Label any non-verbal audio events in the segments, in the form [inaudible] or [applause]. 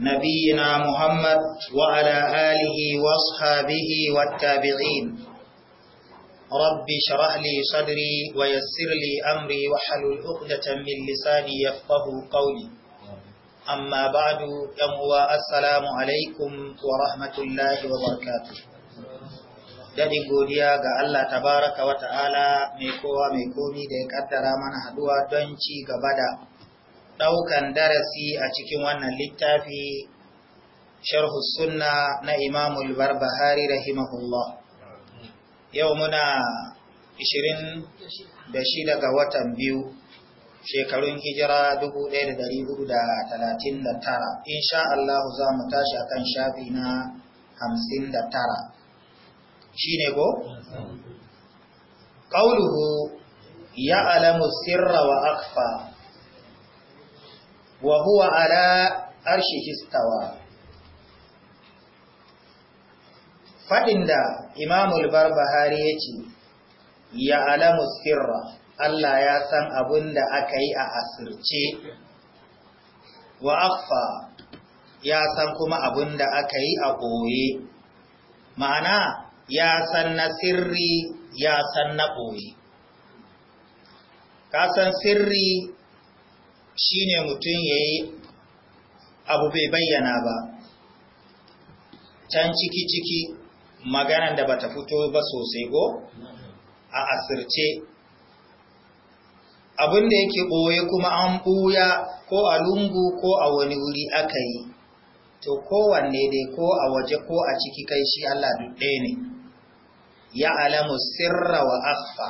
نبينا محمد وعلى آله واصحابه والتابعين رب شرح لي صدري ويسر لي أمري وحلل عقدة من لساني يفقه قولي أما بعد يموى السلام عليكم ورحمة الله وبركاته Dadin godiya ga Allah tabaraka wa ta'ala mai kowa mai komi da ya kaddara mana haduwa don ci gaba da ɗaukan darasi a cikin wannan littafi sharhu sunna na imamul barbahari rahimahullah yau muna 26 ga watan biyu shekarun hijira 1439 insha Allah za mu tashi akan shafi na 59 ne ko ya alamu sirra wa Akfa. wa huwa ala arshihi istawa fadin da imamul barbahari ya ce ya alamu sirra Allah ya san abin aka yi a asirce wa affa ya san kuma abin da aka yi a ɓoye ma'ana ya san na sirri ya san na ɓoye ka san sirri Shi ne mutum ya yi abu bai bayyana ba can ciki-ciki magana da bata fito ba sosai go a asirce abin da yake ɓoye kuma an ɓuya ko a lungu ko a wani wuri aka yi to kowanne dai ko a waje ko a ciki kai shi Allah duk ɗaya ne ya alamu sirra wa affa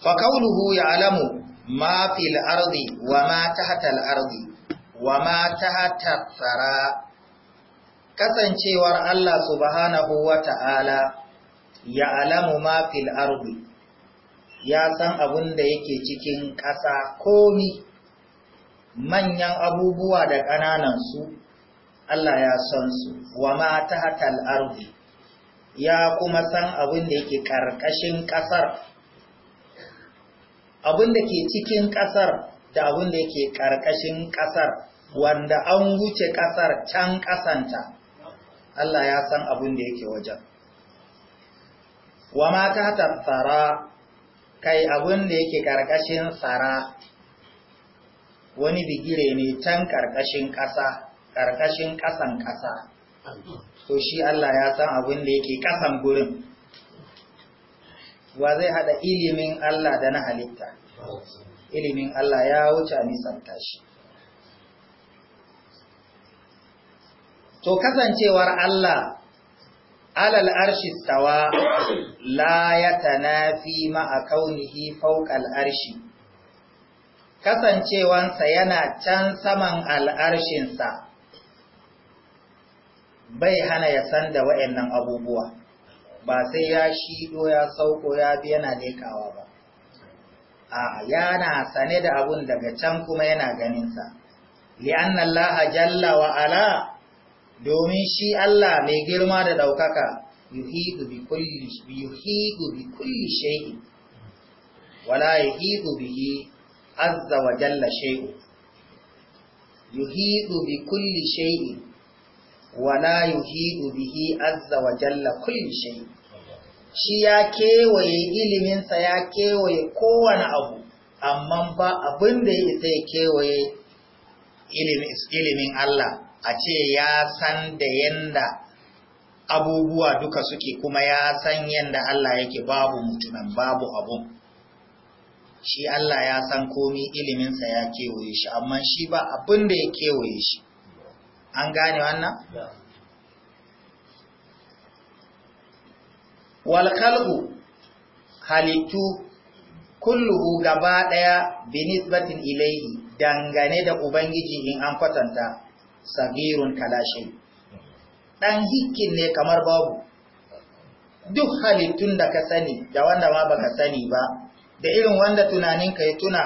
fa kaunuhu ya'lamu ma fil ardi wa ma tahta al ardi wa ma tahta thara kasancewar Allah subhanahu wa ta'ala ya'lamu ma fil ardi ya san abun da yake cikin ƙasa komi manyan abubuwa da ƙananansu su Allah ya san su wa ma tahta al ardi ya kuma san abin da yake ƙarƙashin ƙasar abin da ke cikin ƙasar da abin da yake ƙarƙashin ƙasar wanda an wuce ƙasar can ƙasanta Allah ya san abin da yake wajen wa ma ta tsara kai abin da yake ƙarƙashin tsara wani bigire ne can ƙarƙashin ƙasa ƙarƙashin ƙasan ƙasa to shi Allah ya san abin da yake ƙasan gurin wa zai hada ilimin Allah da na halitta ilimin Allah ya wuce a nisan tashi. to kasancewar Allah alal arshi tawa la yatanafi ma'a kaunihi fawqal arshi kasancewansa yana can saman al'arshinsa bai hana ya san da wa'yannan abubuwa. ba sai ya shido ya sauko ya bi yana lekawa ba a yana sane da abun daga can kuma yana ganinsa li'anna Allah jalla wa ala domin shi Allah mai girma da daukaka yuhidu bi kulli yuhidu bi kulli shay'in wala yuhidu bihi azza wa jalla shay'un yuhidu bi kulli shay'in wala yuhidu bihi azza wa jalla kulli shi ya kewaye iliminsa ya kewaye kowane abu amma ba abin da ya kewaye ilimin Allah a ce ya san da yanda abubuwa duka suke kuma ya san yanda Allah yake babu mutumin babu abun shi Allah ya san komi iliminsa ya kewaye shi amma shi ba abin da ya kewaye shi an gane wannan walkalhu halittu kulluhu gaba ɗaya binisbatin ilaihi dangane da ubangiji in an kwatanta sabirun kalashi ɗan hikin ne kamar babu duk halittun da ka sani da wanda ma baka sani ba da irin wanda tunaninka ya tuna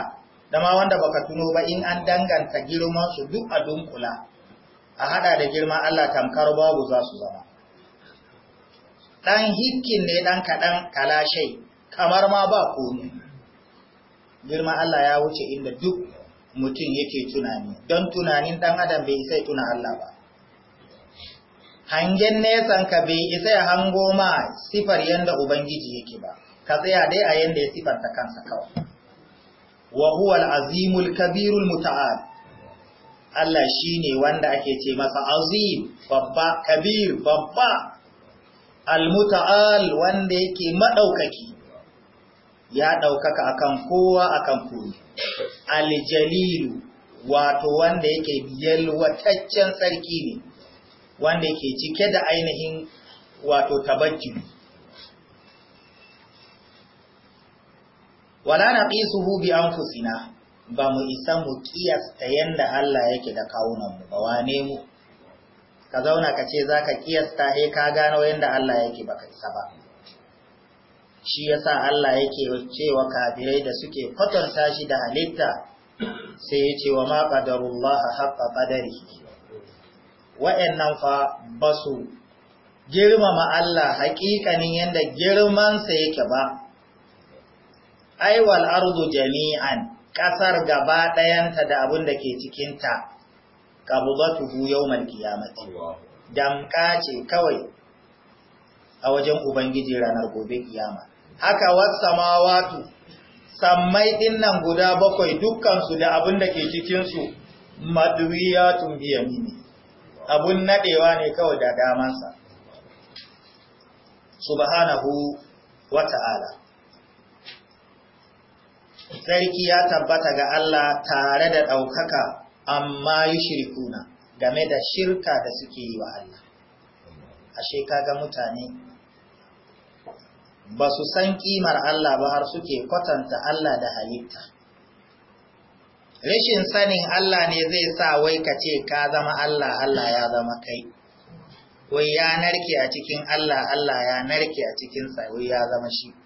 da ma wanda baka tuno ba in an danganta girman su duk a dunkula a hada da girman Allah tamkar babu za su zama dan hikkin ne dan kadan kalashai kamar ma ba komai girman Allah ya wuce inda duk mutum yake tunani don tunanin dan adam bai isa tuna Allah ba hangen nesan ka bai isa ya hango ma sifar yadda ubangiji yake ba ka tsaya dai a yanda ya sifarta kansa kawai Wahuwal azimul kabirul muta'al Allah shi ne wanda ake ce masa azim babba kabir babba Al-muta'al wanda yake maɗaukaki ya ɗaukaka akan kowa akan kuri al-jalilu wato wanda yake yalwataccen sarki ne wanda yake cike da ainihin wato tabajju. wala na naqisuhu bi anfusina ba mu isa mu kiyasta yanda Allah yake da kawunanmu ba wane mu ka zauna ka ce za ka kiyasta eh ka gano yanda Allah yake ba ka isa ba shi yasa Allah yake cewa kafirai da suke kwatanta shi da halitta sai ya ce wa ma qadarullaha haqqa qadarihi wa'annan fa basu girmama Allah haƙiƙanin yanda girmansa sa yake ba ai wal ardu jami'an ƙasar gaba ɗayanta da abin da ke cikinta bu yawmal qiyamati damƙa ce kawai a wajen ubangiji ranar gobe kiyama haka was samawatu sammai nan guda bakwai dukkansu da abin da ke cikinsu madwiyatun biyamini abun naɗewa ne kawai da damansa subhanahu wata'ala sarki ya tabbata ga Allah tare da ɗaukaka amma yi shirkuna game da shirka da suke yi wa Allah. Ashe kaga mutane ba su san ƙimar Allah ba har suke kwatanta Allah da halitta. Rashin sanin Allah ne zai sa wai ka ce ka zama Allah Allah ya zama kai. Wai ya narke a cikin Allah Allah ya narke a cikinsa wai ya zama shi.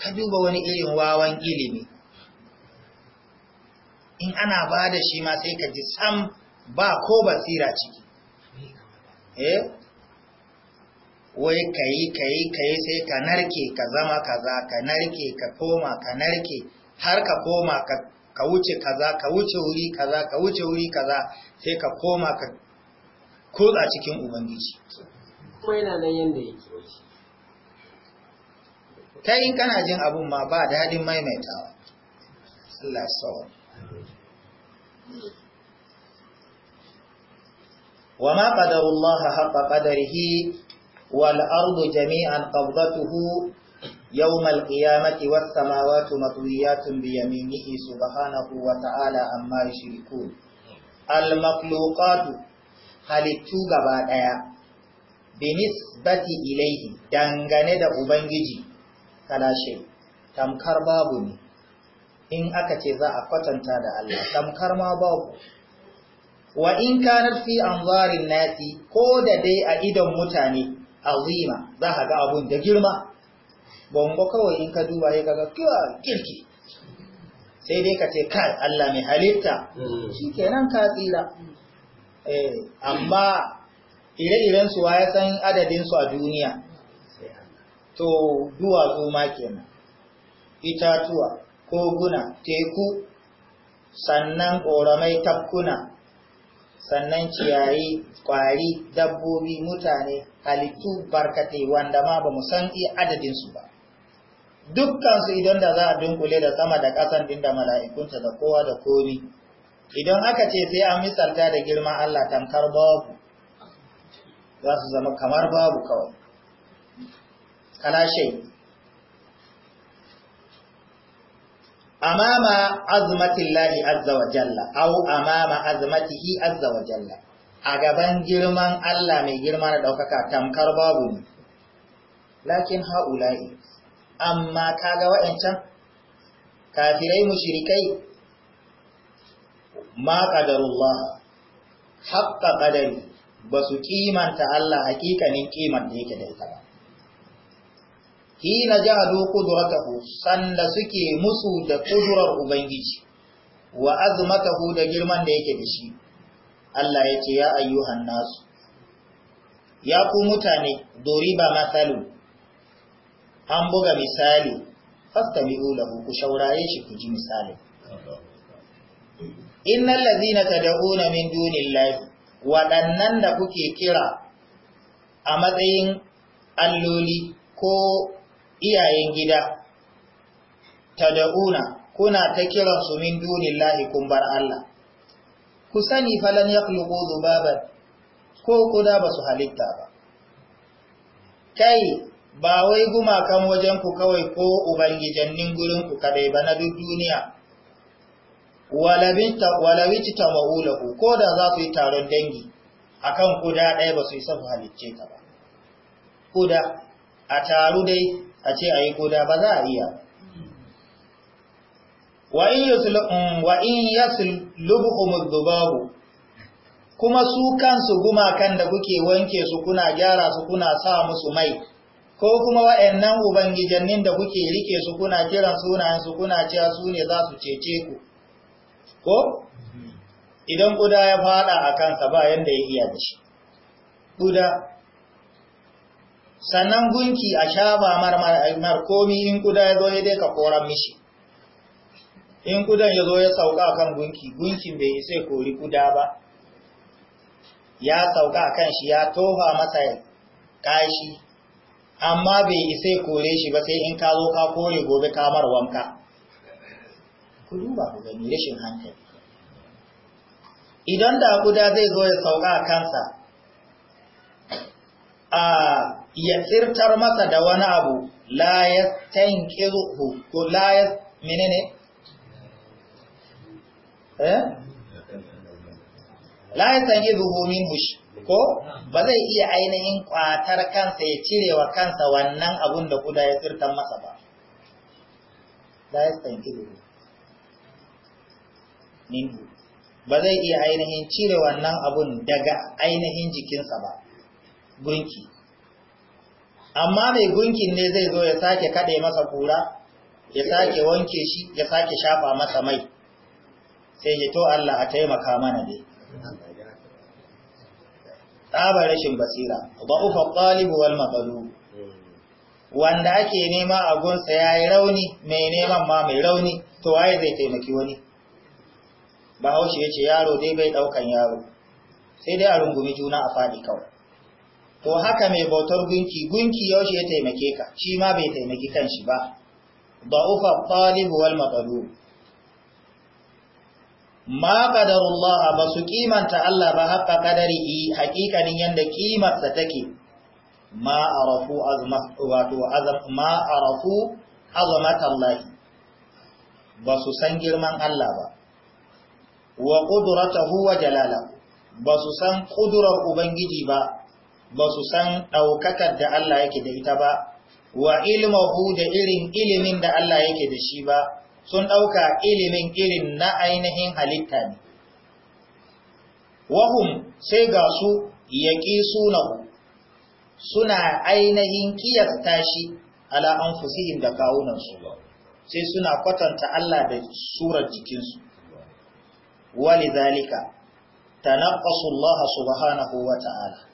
ka duba wani irin wawan ilimi in ana ba da shi ma sai ka ji sam ba ko basira ciki eh wai ka yi ka yi ka yi sai ka narke ka zama kaza ka narke ka koma ka narke har ka koma ka wuce kaza ka wuce wuri kaza ka wuce wuri kaza sai ka koma ka kotsa cikin ubangiji kuma yana nan yanda yake ta yin kana jin abun ma ba daɗin maimaitawa Allah sawa wa ma ƙadarullaha haƙa ƙadarhi wal’arzu jami’an ƙabbatuhu yau mal’iyamati wata ma wata matuliyatun biyamini isu ba hanahu wata’ala amma shiriku al-maklokatu halittu gaba ɗaya bi nisbati ilaihi dangane da ubangiji kalashe tamkar babu ne in aka ce za a kwatanta da Allah tamkar ma babu wa in kanat fi anzarin nasi ko da dai a idon mutane azima za ka ga abun da girma bongo kawai in ka duba ya kaga kirki sai dai ka ce kai Allah mai halitta mm. shikenan ka tsira eh amma ire-iren su ya san adadin su a duniya to duwatsu ma kenan itatuwa koguna teku sannan ƙoramai tafkuna sannan ciyayi ƙwari, dabbobi mutane halittu barkatai wanda ma ba mu san iya adadinsu ba dukkansu idan da za a dunkule da sama da ƙasan din da mala'ikunta da kowa da komi idan aka ce sai an misalta da girman Allah tamkar babu za su zama kamar babu kawai ala shay amama azmatillahi azza wa jalla au amama azmatihi azza wa jalla a gaban girman Allah mai girma na ɗaukaka. tamkar babu ne lakin haula'i amma kaga waɗancan? kafirai mushrikai ma qadarullah haqqa qadari basu kimanta Allah hakikanin ƙimar da yake da ita ba hina ja'alu kudratahu sanda suke musu da kudurar ubangiji wa azmatahu da girman da yake da shi Allah ya ce ya ayyuhan nasu ya ku mutane doriba masalu an buga misali fastami'u lahu ku shauraye shi ku ji misali innal ladhina tad'una min dunillahi waɗannan da kuke kira a matsayin alloli ko iyayen gida Ta da'una kuna ta kiransu min dunillahi kun bar Allah ku sani falan yakhluqu dhubaban ko kuda ba su halitta ba kai ba wai gumakan wajenku kawai ko ubangijannin gurinku kadai ba na duk duniya walawici ta ma'ulahu ko da za su yi taron dangi akan kuda ɗaya ba su yi safu halicce ta ba kuda a taru dai a ce a yi da ba za a iya wa in mm, yaslubuhum kuma su kansu gumakan da kuke wanke su kuna gyara su kuna sa musu mai ko kuma wa'annan ubangijannin da kuke rike su kuna kiran sunayen su kuna cewa su ne za su cece ku ko mm-hmm. idan kuda ya fada a kansa ba yanda ya iya da shi kuda sannan gunki a shafa marmar komi in kuda ya zo ya dai ka koran mishi in kudan ya zo ya sauka kan gunki gunkin bai isa kori kuda ba ya sauka kan shi ya tofa masa kashi amma bai isa kore shi ba sai in ka zo ka kore gobe kamar wanka ku duba ku gani rashin hankali idan da kuda zai zo ya sauka kansa a ya tsirtar masa da wani abu la ya tanke zuhu ko la ya menene eh la ya tanke zuhu min hushi ko ba zai iya ainihin kwatar kansa ya cire wa kansa wannan abun da kuda ya tsirtar masa ba la ya tanke zuhu min ba zai iya ainihin cire wannan abun daga ainihin jikinsa ba gunki amma mai gunkin ne zai zo ya sake kaɗe masa kura ya sake wanke shi ya sake shafa masa mai sai ya to Allah a taimaka mana dai tsabar rashin basira ba ufa ƙalibu wal maɓalu wanda ake nema a gunsa ya yi rauni mai neman ma mai rauni to waye zai taimaki wani bahaushe ya ce yaro dai bai ɗaukan yaro sai dai a rungumi juna a faɗi kawai to haka mai bautar gunki gunki yaushe ya taimake ka shi ma bai taimaki shi ba da'ufa talibu wal matalub ma qadarullah ba su kimanta Allah ba haƙa qadarihi haƙiƙanin yanda kimar sa take ma arafu azma wato azam ma arafu Allah ba su san girman Allah ba wa qudratuhu wa jalalahu ba su san ƙudurar ubangiji ba ba su san ɗaukakar da Allah yake da ita ba, wa ilmahu da irin ilimin da Allah yake da shi ba, sun ɗauka ilimin irin na ainihin halitta ne. Wahum sai ga su yaƙi sunahu, suna ainihin kiyasta shi ala an fusihin da kawunansu, sai suna kwatanta Allah da surar jikinsu. Wali zalika, tanaqqasu Allah subhanahu wa ta'ala.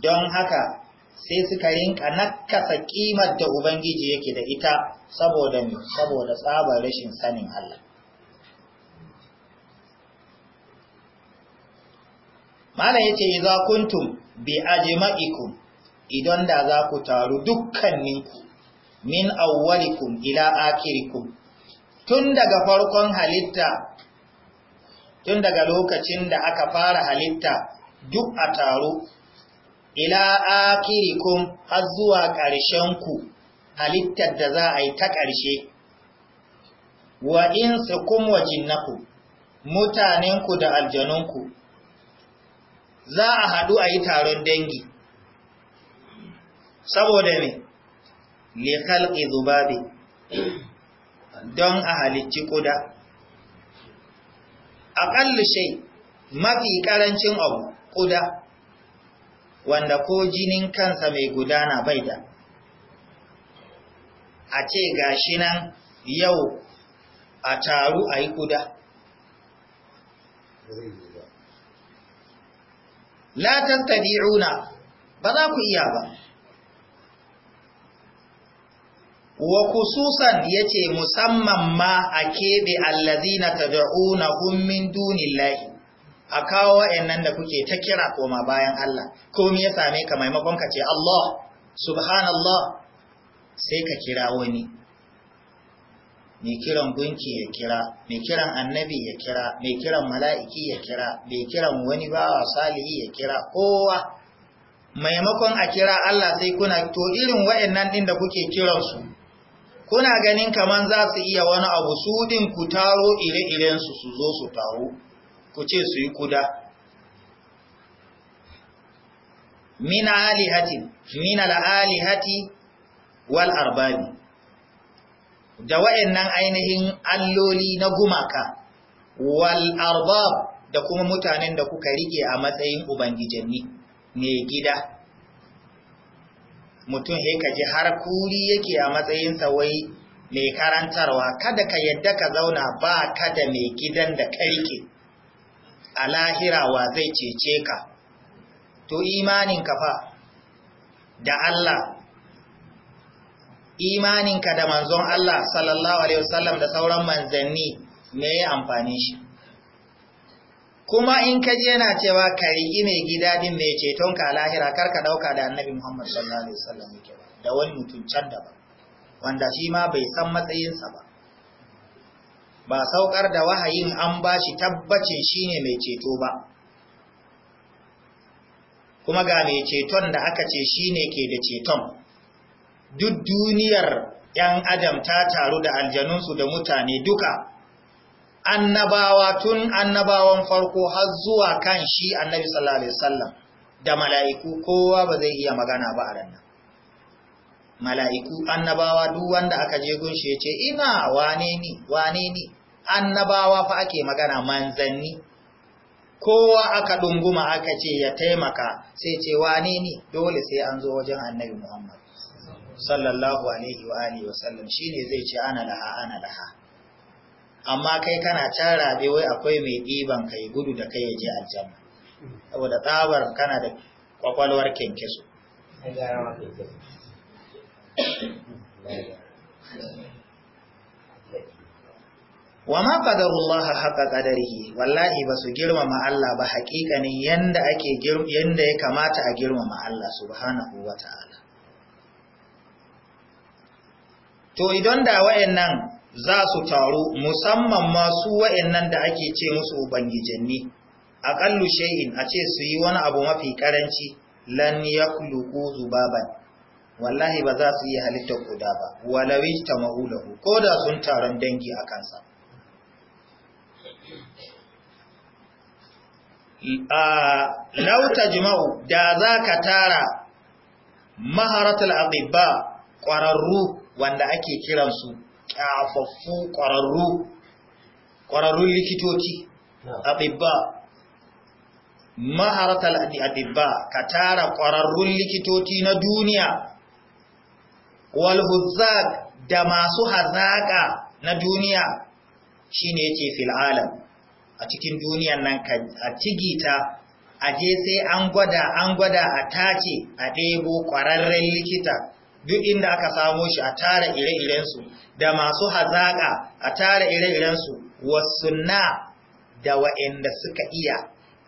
don haka sai suka rinka nakasa kimar da ubangiji yake da ita saboda saboda tsabar rashin sanin Allah mala yace "Iza kuntum bi ajma'ikum idan da za ku taru dukkaninku min awwalikum ila akhirikum tun daga farkon halitta tun daga lokacin da aka fara halitta duk a taro ila akirikum har zuwa ƙarshen ku halittar da za a yi ta ƙarshe wa insukum wa naku, mutanenku da aljanunku za a haɗu a yi taron dangi saboda ne lekal Izubabe. don a halicci kuda A shai mafi ƙarancin abu kuda wanda ko jinin kansa mai gudana bai da a ce gashi nan yau a taru a yi kuda la tabi'una ba za ku iya ba wa khususan yace musamman ma a keɓe allazina tad'una hum min dunillahi a kawo wa’yan da kuke ta kira koma bayan Allah komi ya same ka maimakon ka ce Allah subhanallah sai ka kira wani mai kiran gunki ya kira mai kiran annabi ya kira mai kiran mala'iki ya kira mai kiran wani bawa salihi ya kira kowa maimakon a kira Allah sai kuna to irin wa'annan ɗin da kuke kiransu kuna ganin kamar za su iya wani abu su ɗin ku ire-irensu su zo su taro. ku ce su yi kuda min alihati min alihati wal arbabi da wayannan ainihin alloli na gumaka wal arbab da kuma mutanen da kuka rike a matsayin ubangijanni ne gida mutum he ji har kuri yake a matsayin sa wai mai karantarwa kada ka yadda ka zauna ba ka da mai gidan da ka rike a lahira wa zai cece ka to imaninka fa da Allah imaninka da manzon Allah sallallahu alaihi wasallam da sauran manzanni me ya amfani shi kuma in ka je yana cewa ka yi mai gida din mai ceton ka lahira kar ka dauka da annabi Muhammad sallallahu alaihi wasallam da wani mutum can da ba wanda shi ma bai san matsayinsa ba ba saukar da wahayin an ba shi tabbacin ne mai ceto ba kuma ga mai ceton da aka ce shi ne ke da ceton duk duniyar ‘yan adam ta taru da aljanunsu da mutane duka annabawa tun annabawan farko har zuwa kan shi annabi sallallahu alaihi wasallam da mala'iku kowa ba zai iya magana ba a ranar mala'iku annabawa duk wanda aka je gunshi ya ce ina wane ni wane ni annabawa fa ake magana manzanni kowa aka ɗunguma aka ce ya taimaka sai ce wane ni dole sai an zo wajen annabi muhammad sallallahu alaihi wa alihi wasallam shi ne zai ce ana laha ana laha amma kai kana can rabe wai akwai mai ɗiban kai gudu da kai ya je aljanna saboda tsabar kana da kwakwalwar kyankyaso wa ma qadarullahi haqa qadarihi wallahi basu girmama Allah ba haƙiƙanin yanda ake yanda ya kamata a girmama Allah subhanahu ta'ala to idan da wayannan za su taru musamman ma su wayannan da ake ce musu ubangijanni aqallu shay'in a ce su yi wani abu mafi karanci lan yakluqu zubaban wallahi ba za su yi halittar guda ba walawi ta ma'ulahu ko da sun taron dangi a kansa lauta jima'u da za ka tara maharatul abibba ƙwararru wanda ake kiransu ƙafaffu ƙwararru ƙwararrun likitoci abibba maharatul abibba ka tara ƙwararrun likitoci na duniya walhuzzak da masu hazaƙa na duniya shine ne ce fil'alam a cikin duniyan nan a cigita a je sai an gwada an gwada a tace a ɗebo ƙwararren likita duk inda aka samo shi a tara ire-irensu da masu hazaƙa a tara ire-irensu wasunna da wa'inda suka iya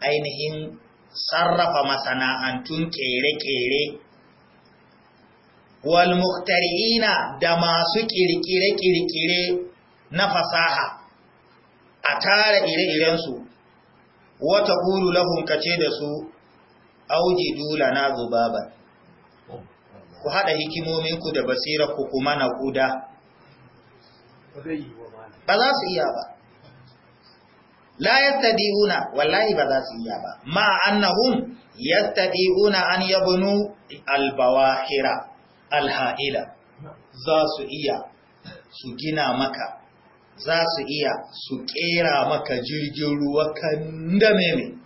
ainihin sarrafa masana'antun ƙere-ƙere wal muqtari'ina da masu kirkire-kirkire na fasaha a tara ire-irensu wata ƙulu lahun kace da su auji dula na zubaba ku haɗa hikimominku da basira ku kuma na kuda ba za su iya ba la yastadi'una wallahi ba za su iya ba ma annahum yastadi'una an yabunu albawahira alha'ila za su iya su gina maka za su iya su kera maka jirgin ruwa kan dame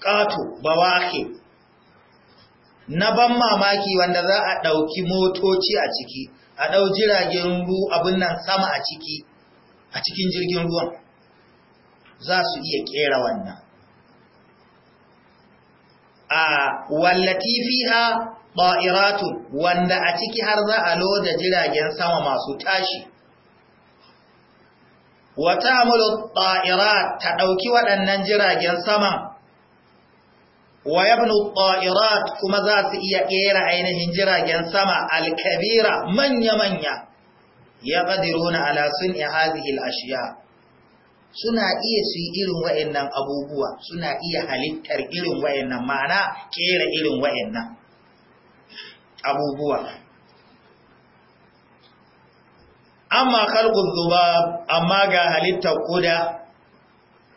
ƙato bawake na ban mamaki wanda za a ɗauki motoci a ciki a ɗau jiragen ru abin nan sama a ciki a cikin jirgin ruwan za su iya ƙera wannan a wallati fiha ba'iratun wanda a ciki har za a loda jiragen sama masu tashi wata Mulu ba'ira ta ɗauki waɗannan jiragen sama wa yabnu ba'irat kuma za su iya ƙera ainihin jiragen sama alkabira manya-manya ya ƙadiruna ala ihazihil ashiya suna iya su yi irin wa'annan abubuwa suna iya halittar irin wa'annan ma'ana ƙera irin wa'annan abubuwa amma kalgun zuba amma ga halittar kuda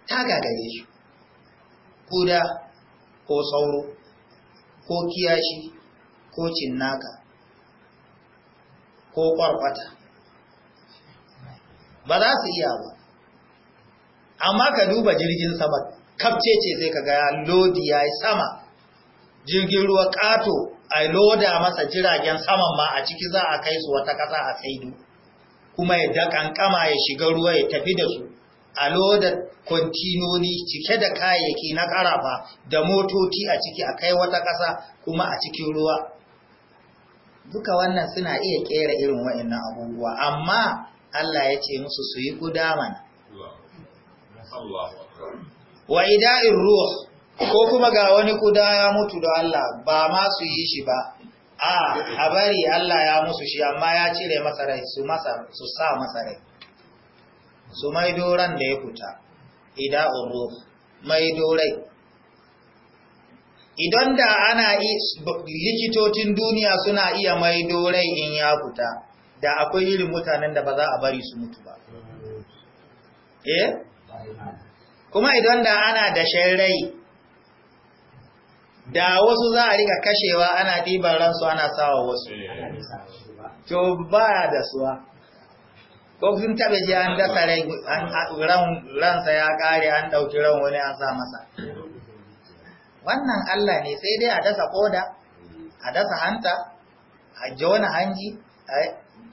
ta gagare shi kuda ko sauro ko kiyashi ko cinnaka ko kwarkwata ba za su iya ba amma ka duba jirgin sama kafce ce sai ka ga lodi ya yi sama jirgin ruwa ƙato a loda masa jiragen saman ma a ciki za a kai su wata ƙasa a saidu kuma ya daƙanƙama ya shiga ruwa ya tafi da su a loda kwantinoni cike da kayayyaki na ƙarafa da motoci a ciki a kai wata ƙasa kuma a cikin ruwa duka wannan suna iya ƙera irin waɗannan abubuwa amma Allah ya ce musu su yi guda mana wa in ruwa. ko kuma ga wani kuda ya mutu da Allah ba ma su yi shi ba a a bari Allah ya musu shi amma ya cire masa rai su masa su sa masa rai su mai doran da ya kuta, ida uru mai dorai idan da ana likitocin duniya suna iya mai dorai in ya kuta, da akwai irin mutanen da ba za a bari su mutu ba eh kuma idan da ana da shan rai da wasu za a riga kashewa ana ɗiban ransu ana sawa wasu to ba da suwa ko kin taɓa ji an dasa ransa ya ƙare an ɗauki ran wani an sa masa wannan Allah ne sai dai a dasa ƙoda a dasa hanta a jona hanji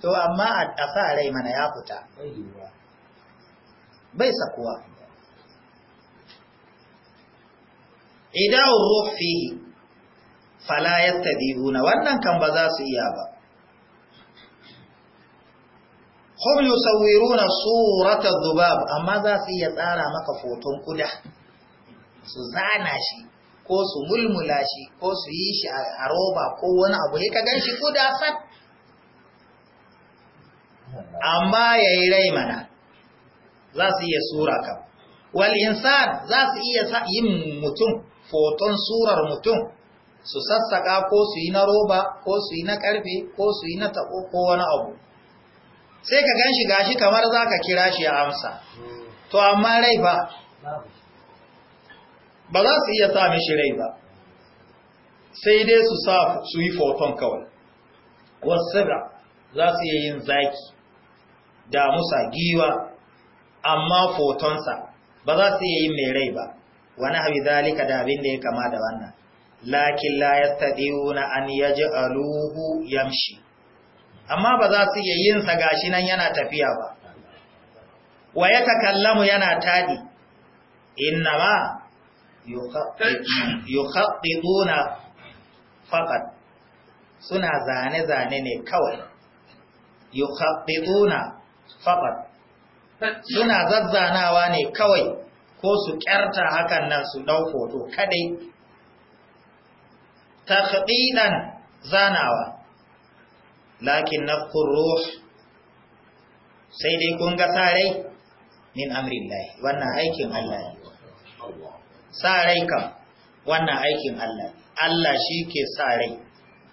to amma a sa rai mana ya fita bai sakuwa idan ruh fihi fala yattabihuna wannan kan ba za su iya ba hum na surata dhubab amma za su iya tsara maka foton kuda su zana shi ko su mulmula shi ko su yi shi a roba ko wani abu ya ka kuda amma ya yi rai mana za su iya sura ka wal insan za su iya yin mutum hoton surar mutum su sassaƙa ko su yi na roba ko su yi na ƙarfe ko su yi na taɓo ko wani abu sai ka gan shi gashi kamar za ka kira shi ya amsa to amma rai ba ba za su iya sa mishi rai ba sai dai su sa su yi foton kawai wasira za su iya yin zaki da giwa amma fotonsa ba za su iya yin mai rai ba wani hawi zalika da abin da ya kama da wannan lakin la yastadiuna an yaj'aluhu yamshi amma ba za su iya yin sa gashi nan yana tafiya ba wa takallamu yana tadi innama yukhattiduna faqat suna zane zane ne kawai yukhattiduna faqat suna zazzanawa ne kawai ko su kyarta hakan nan su dau hoto kadai takhdidan zanawa lakin na ruh sai dai kun ga sarai min amrillahi wannan aikin Allah ne sarai kam wannan aikin Allah Allah shi ke sarai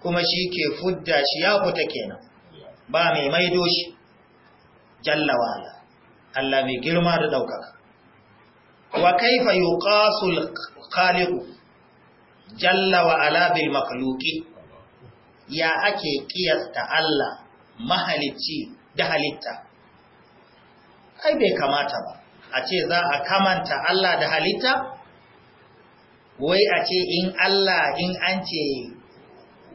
kuma shi ke fudda shi ya fita kenan ba mai maido shi jalla Allah mai girma da ɗaukaka wa kaifa yuqasul khaliqu jalla wa ala bil ya ake kiyasta Allah mahalicci da halitta ai bai kamata ba a ce za a kamanta Allah da halitta wai a ce in Allah in an ce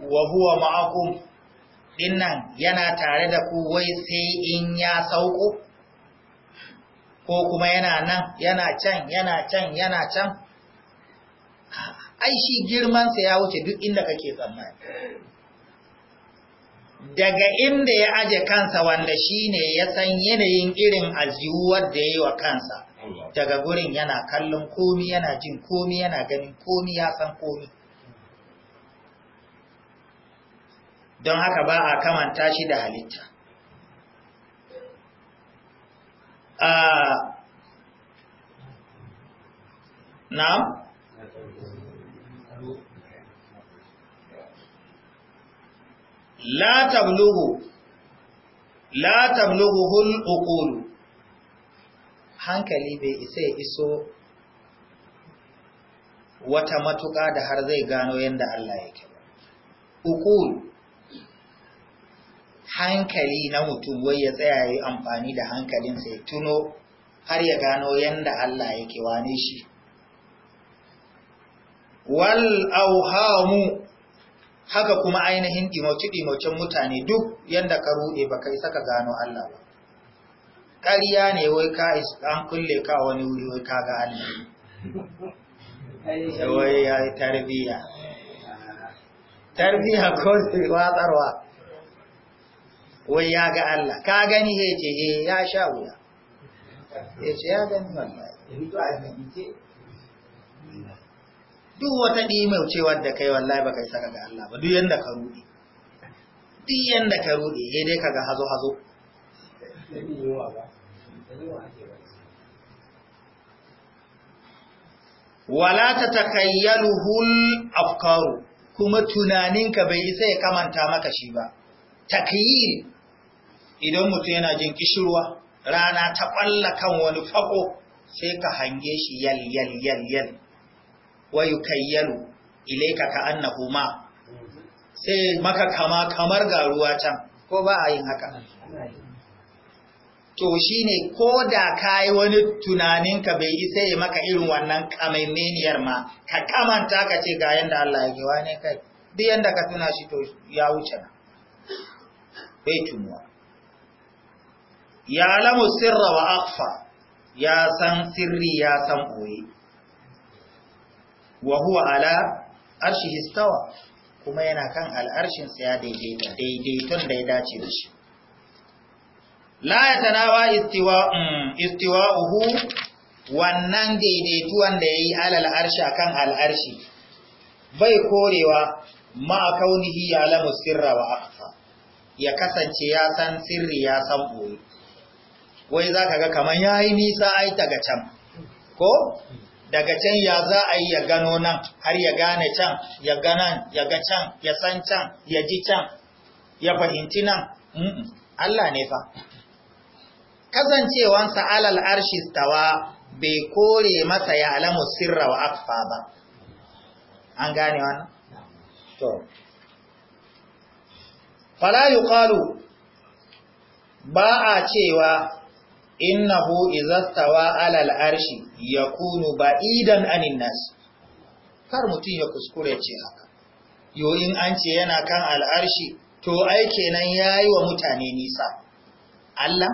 wa huwa ma'akum dinnan yana tare da ku wai sai in ya sauko ko kuma yana nan yana can yana can yana can ai shi girmansa ya wuce duk inda kake tsammani daga inda ya aje kansa wanda shi ne ya san yanayin irin aljihuwar da ya yi wa kansa daga gurin yana kallon komi yana jin komi yana ganin komi ya san komi don haka ba a kamanta shi da halitta na'am la tablughu la hul uqul hankali bai isa ya iso wata matuƙa da har zai gano yadda Allah yake ba uqul hankali na mutum wai ya tsaya ya yi amfani da hankalinsa ya tuno har ya gano yadda Allah yake wane shi. Wal auhamu haka kuma ainihin ɗimoci-ɗimocin mutane duk yadda ka ruɗe ba kai saka gano Allah ba. Ƙarya ne wai ka an kulle ka wani wuri wai ka ga Allah. Wai ya yi tarbiya. Tarbiya ko watsarwa. wai ya ga Allah ka gani he ce he eh, ya sha wuya Ya ce ya gani wallahi duk wata ɗimar cewar da kai wallahi ba kai saka ga Allah ba duk yadda ka ruɗe duk yadda ka ruɗe he dai ka ga hazo hazo wala ta hul afkaru kuma tunaninka bai isa ya kamanta maka shi ba takyir idan mutum yana jin kishirwa rana ta ɓalla kan wani fako sai ka hange shi yal yal yal yal wa yukayyalu ilaika ka annahu ma sai maka kama kamar ga ruwa can ko ba a yin haka to shine ko da kai wani tunanin ka bai sai ya maka irin wannan kamaimeniyar ma ka kamanta ka ce ga yanda Allah yake wane kai duk yanda ka tuna shi to ya wuce na bai tunuwa. ya alamu sirra wa akfa ya san sirri ya san ɓoye wa huwa ala arshi histawa kuma yana kan al'arshinsa ya daidaita daidaiton da ya dace da shi la ya tanawa mm, uhu wannan daidaituwan da ya yi alal arshi akan al'arshi bai korewa ma'a kaunihi ya alamu sirra wa akfa ya kasance ya san sirri ya san ɓoye wai za ka ga kamar ya yi nisa ai daga can ko daga can ya za a yi ya gano nan har ya gane can ya ganan ya ga can ya san can ya ji can ya fahimci nan Allah ne fa kasancewansa alal arshi tawa bai kore masa ya alamu sirra wa akfa ba an gane wannan to fala yuqalu ba a cewa innahu izastawa alal arshi yakunu ba'idan anin nas kar mutum ya kuskure ce haka yo in an ce yana kan al'arshi to ai kenan yayi wa mutane nisa Allah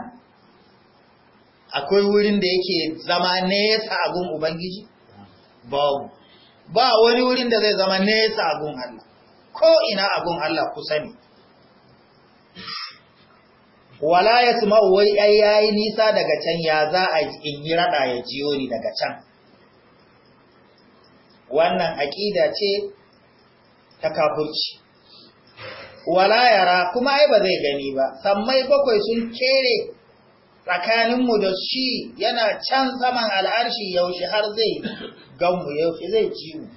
akwai wurin da yake zama nesa abun ubangiji babu ba wani wurin da zai zama nesa abun Allah ko ina abun Allah kusa ne wala ya suma wai ai yayi nisa daga can ya za a in yi rada ya jiyo ni daga can wannan aqida ce ta kafirci wala yara kuma ai ba zai gani ba sammai bakwai sun kere tsakaninmu da shi yana can saman al'arshi yaushe har zai ganmu yaushe zai ji mu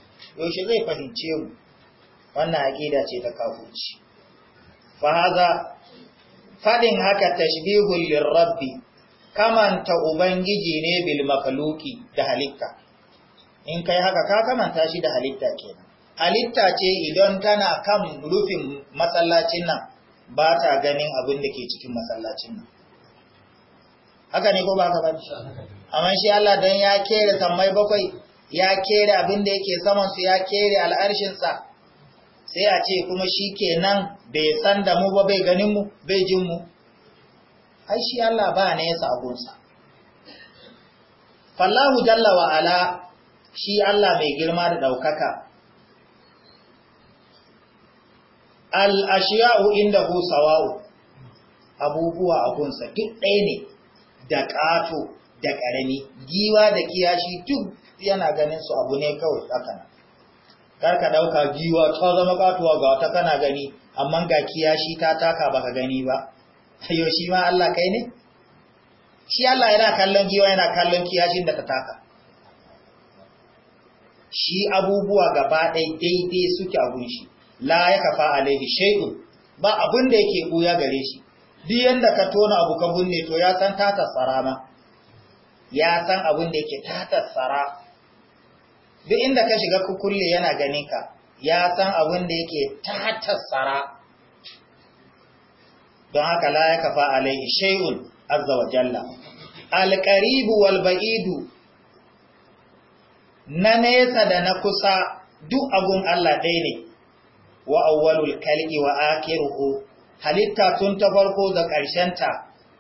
yaushe zai fahimce mu wannan aqida ce ta kafirci fa faɗin haka tashbihul lirrabbi kamanta ubangiji ne bil makhluqi da halitta in kai haka ka kamanta shi da halitta kenan halitta ce idan tana kan rufin masallacin nan ba ta ganin abin da ke cikin masallacin nan haka ne ko ba ka bane amma shi Allah dan ya kere sammai bakwai ya kere abin da yake saman su ya kere al'arshin sai a ce kuma shi kenan bai san da mu ba bai ganin mu bai jin mu ai shi Allah ba ne yasa abunsa fallahu jalla wa ala shi Allah mai girma da ɗaukaka. al ashiya'u indahu sawa'u abubuwa abunsa duk ɗaya ne da ƙato da ƙarami giwa da kiyashi duk yana ganin su abu ne kawai haka kar ka ɗauka giwa ta zama katuwa ga wata kana gani amma ga shi ta taka baka gani ba yau shi ma Allah kai ne shi Allah yana kallon giwa yana kallon kiyashin da ta taka shi abubuwa gaba ɗaya daidai suke a gunshi la ya kafa alaihi shay'un ba abin da yake buya gare shi duk yanda ka tona abu ka bunne to ya san ta ma ya san abin da yake ta duk inda ka shiga kukulle yana ganin ka ya san abin da yake tatassara don haka la ya kafa alaihi shay'un azza wa jalla alqaribu wal ba'idu na nesa da na kusa duk abun Allah ɗaya ne wa awwalul kalqi wa akhiruhu halitta tun ta farko da ta,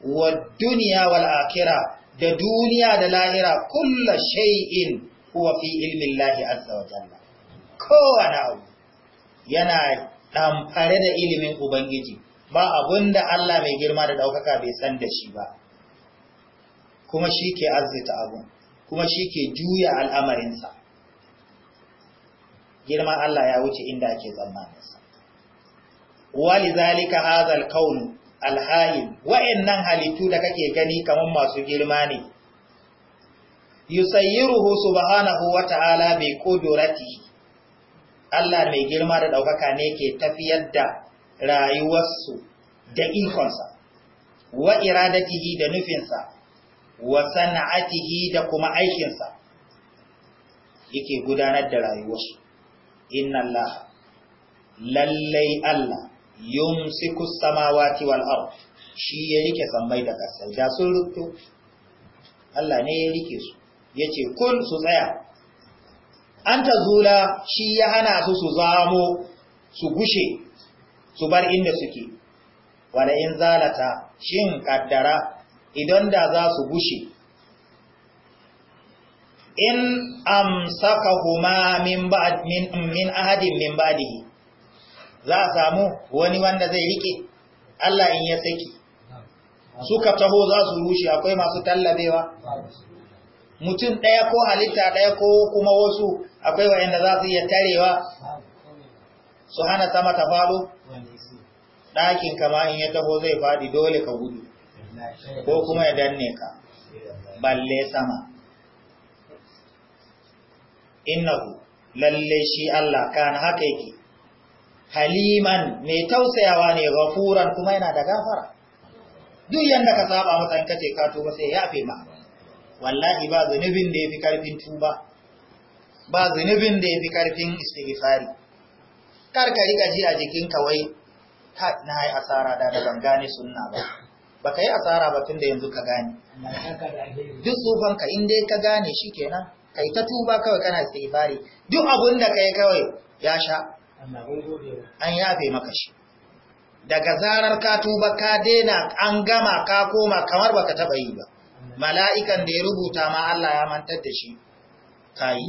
wa duniya wal akhirah da duniya da lahira kullu shay'in huwa fi ilmin lahi azza wa jalla kowane abu yana fare da ilimin ubangiji ba abun Allah mai girma da ɗaukaka bai san da shi ba kuma shi ke arzita abun kuma shi ke juya al'amarinsa Girma Allah ya wuce inda ake tsammaninsa wali zalika hazal kaunu alhayin wa'annan halittu da kake gani kamar masu girma ne yusayyiruhu subhanahu wata'ala bi qudratihi Allah mai girma da ɗaukaka ne ke tafiyar da rayuwarsu da ikonsa, wa iradatihi da nufinsa, wa sana'atihi da kuma aikinsa, yake gudanar da rayuwarsu. Inna Allah, lallai Allah, yun samawati wal ard shi ya rike sammai da ƙasai, da sun rikto, Allah ne ya rike su. ya ce kun su tsaya an ta zula shi ya hana su su zamo su gushe su bar inda suke wada in zalata shin kaddara idan da za su gushe in amsaka huma min ba'd min min ahadin min ba'dihi za a samu wani wanda zai rike Allah in ya saki suka taho za su rushe akwai masu tallabewa mutum ɗaya ko halitta ɗaya ko kuma wasu akwai inda za su iya tarewa su hana sama ta faɗo ɗakin kama in ya taho zai faɗi dole ka gudu ko kuma ya danne ka balle sama innahu lalle shi Allah na haka yake haliman mai tausayawa ne gafuran kuma yana da gafara duk yadda ka saba masa in kace ka ba sai ya fi maka wallahi ba zunubin da ya fi ƙarfin tuba ba zunubin da ya fi ƙarfin istighfari kar ka riƙa ji a jikin wai. ka na yi asara da da ban gane sunna ba ba ka yi asara ba tunda yanzu ka gane duk tsufanka in dai ka gane shi kenan ka yi ta tuba kawai kana istighfari duk abun da ka yi kawai ya sha an yafe maka shi daga zarar ka tuba ka daina an gama ka koma kamar baka taɓa yi ba mala'ikan da ya rubuta ma Allah ya mantar da shi kai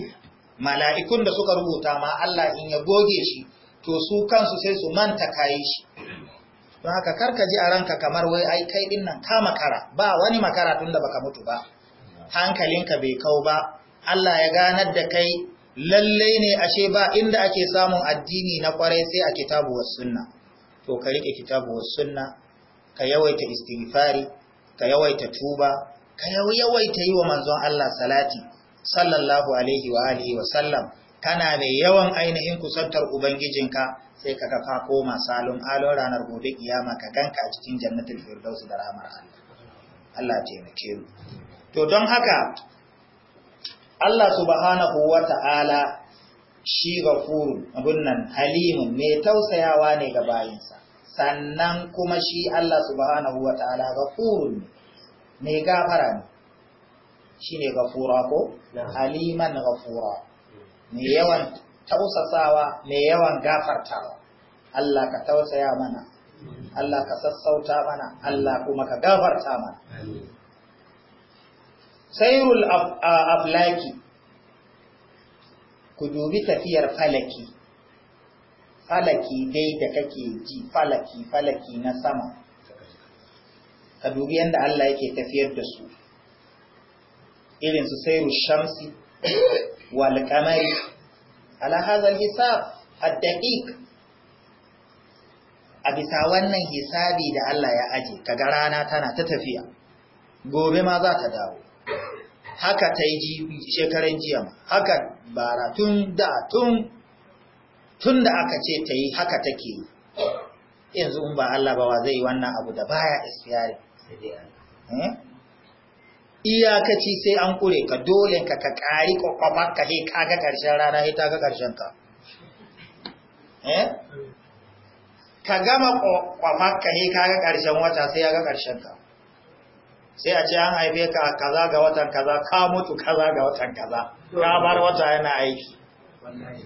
mala'ikun da suka rubuta ma Allah in ya goge shi to su kansu sai su manta kai shi don haka karka ji a ranka kamar wai ai kai din nan ka makara ba wani makara tun da baka mutu ba hankalinka bai kau ba Allah ya ganar da kai lallai ne ashe ba inda ake samun addini na kwarai sai a kitabu was sunna to ka rike kitabu was sunna ka yawaita istighfari ka yawaita tuba ka ta yi wa manzon Allah salati sallallahu alaihi wa alihi wa sallam kana mai yawan ainihin kusantar ubangijinka sai ka ka koma salon alon ranar gobe kiyama ka ganka a cikin jannatul firdaus da rahmar Allah Allah taimake mu to don haka Allah subhanahu wa ta'ala shi gafuru abun nan halimun mai tausayawa ne ga bayinsa sannan kuma shi Allah subhanahu wa ta'ala gafurun ne mai gafara ne shi ne gafura ko aliman gafura mm. mai yawan tausasawa mai yawan gafartawa Allah ka tausaya mana mm. Allah ka sassauta mana Allah kuma ka gafarta mana sayrul aflaki ku dubi tafiyar falaki falaki dai da kake ji falaki falaki na sama ka dubi yadda Allah yake tafiyar da su irin su sairu shamsi wal kamari ala hisab ad a bisa wannan hisabi da Allah ya aje kaga rana tana ta tafiya gobe ma za ta dawo haka ta yi shekaran jiya ma haka bara tun da tun tun da aka ce ta yi haka take yanzu in ba Allah ba wa zai yi wannan abu da baya isfiyari Hmm? iyakaci sai an kure ka dole ka ka ƙari ƙwaƙwamar ka he kaga ƙarshen rana he ta ga ƙarshen ka hmm? ka gama ƙwaƙwamar ka he kaga ƙarshen wata sai ya ga ƙarshen ka sai a ce an haife ka kaza ga watan kaza ka mutu kaza ga watan kaza ka bar wata yana aiki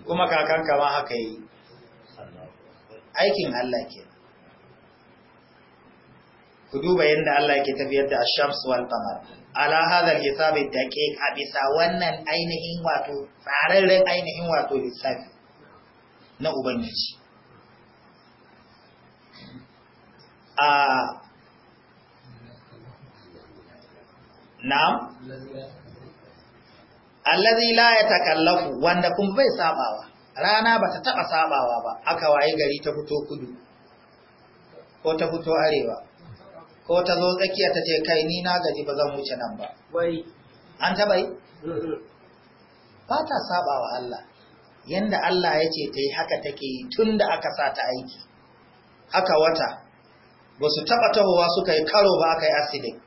kuma kakanka ma haka yi aikin Allah ke ku duba yadda Allah yake tafiyar da ash-shams wal qamar ala hadha al-hisab ad-daqiq a bisa wannan ainihin wato tsararren ainihin wato lissafi na ubangiji a na'am allazi la yatakallafu wanda kun bai sabawa rana bata taba sabawa ba aka waye gari ta fito kudu ko ta fito arewa ko ta zo tsakiya ta ce kai ni na gaji ba zan wuce nan ba an taɓa yi mm-hmm. ba ta saba wa Allah yanda Allah ya ce ta yi haka take yi tun da aka sa ta aiki haka wata ba su taɓa tahowa suka yi karo ba aka yi asidin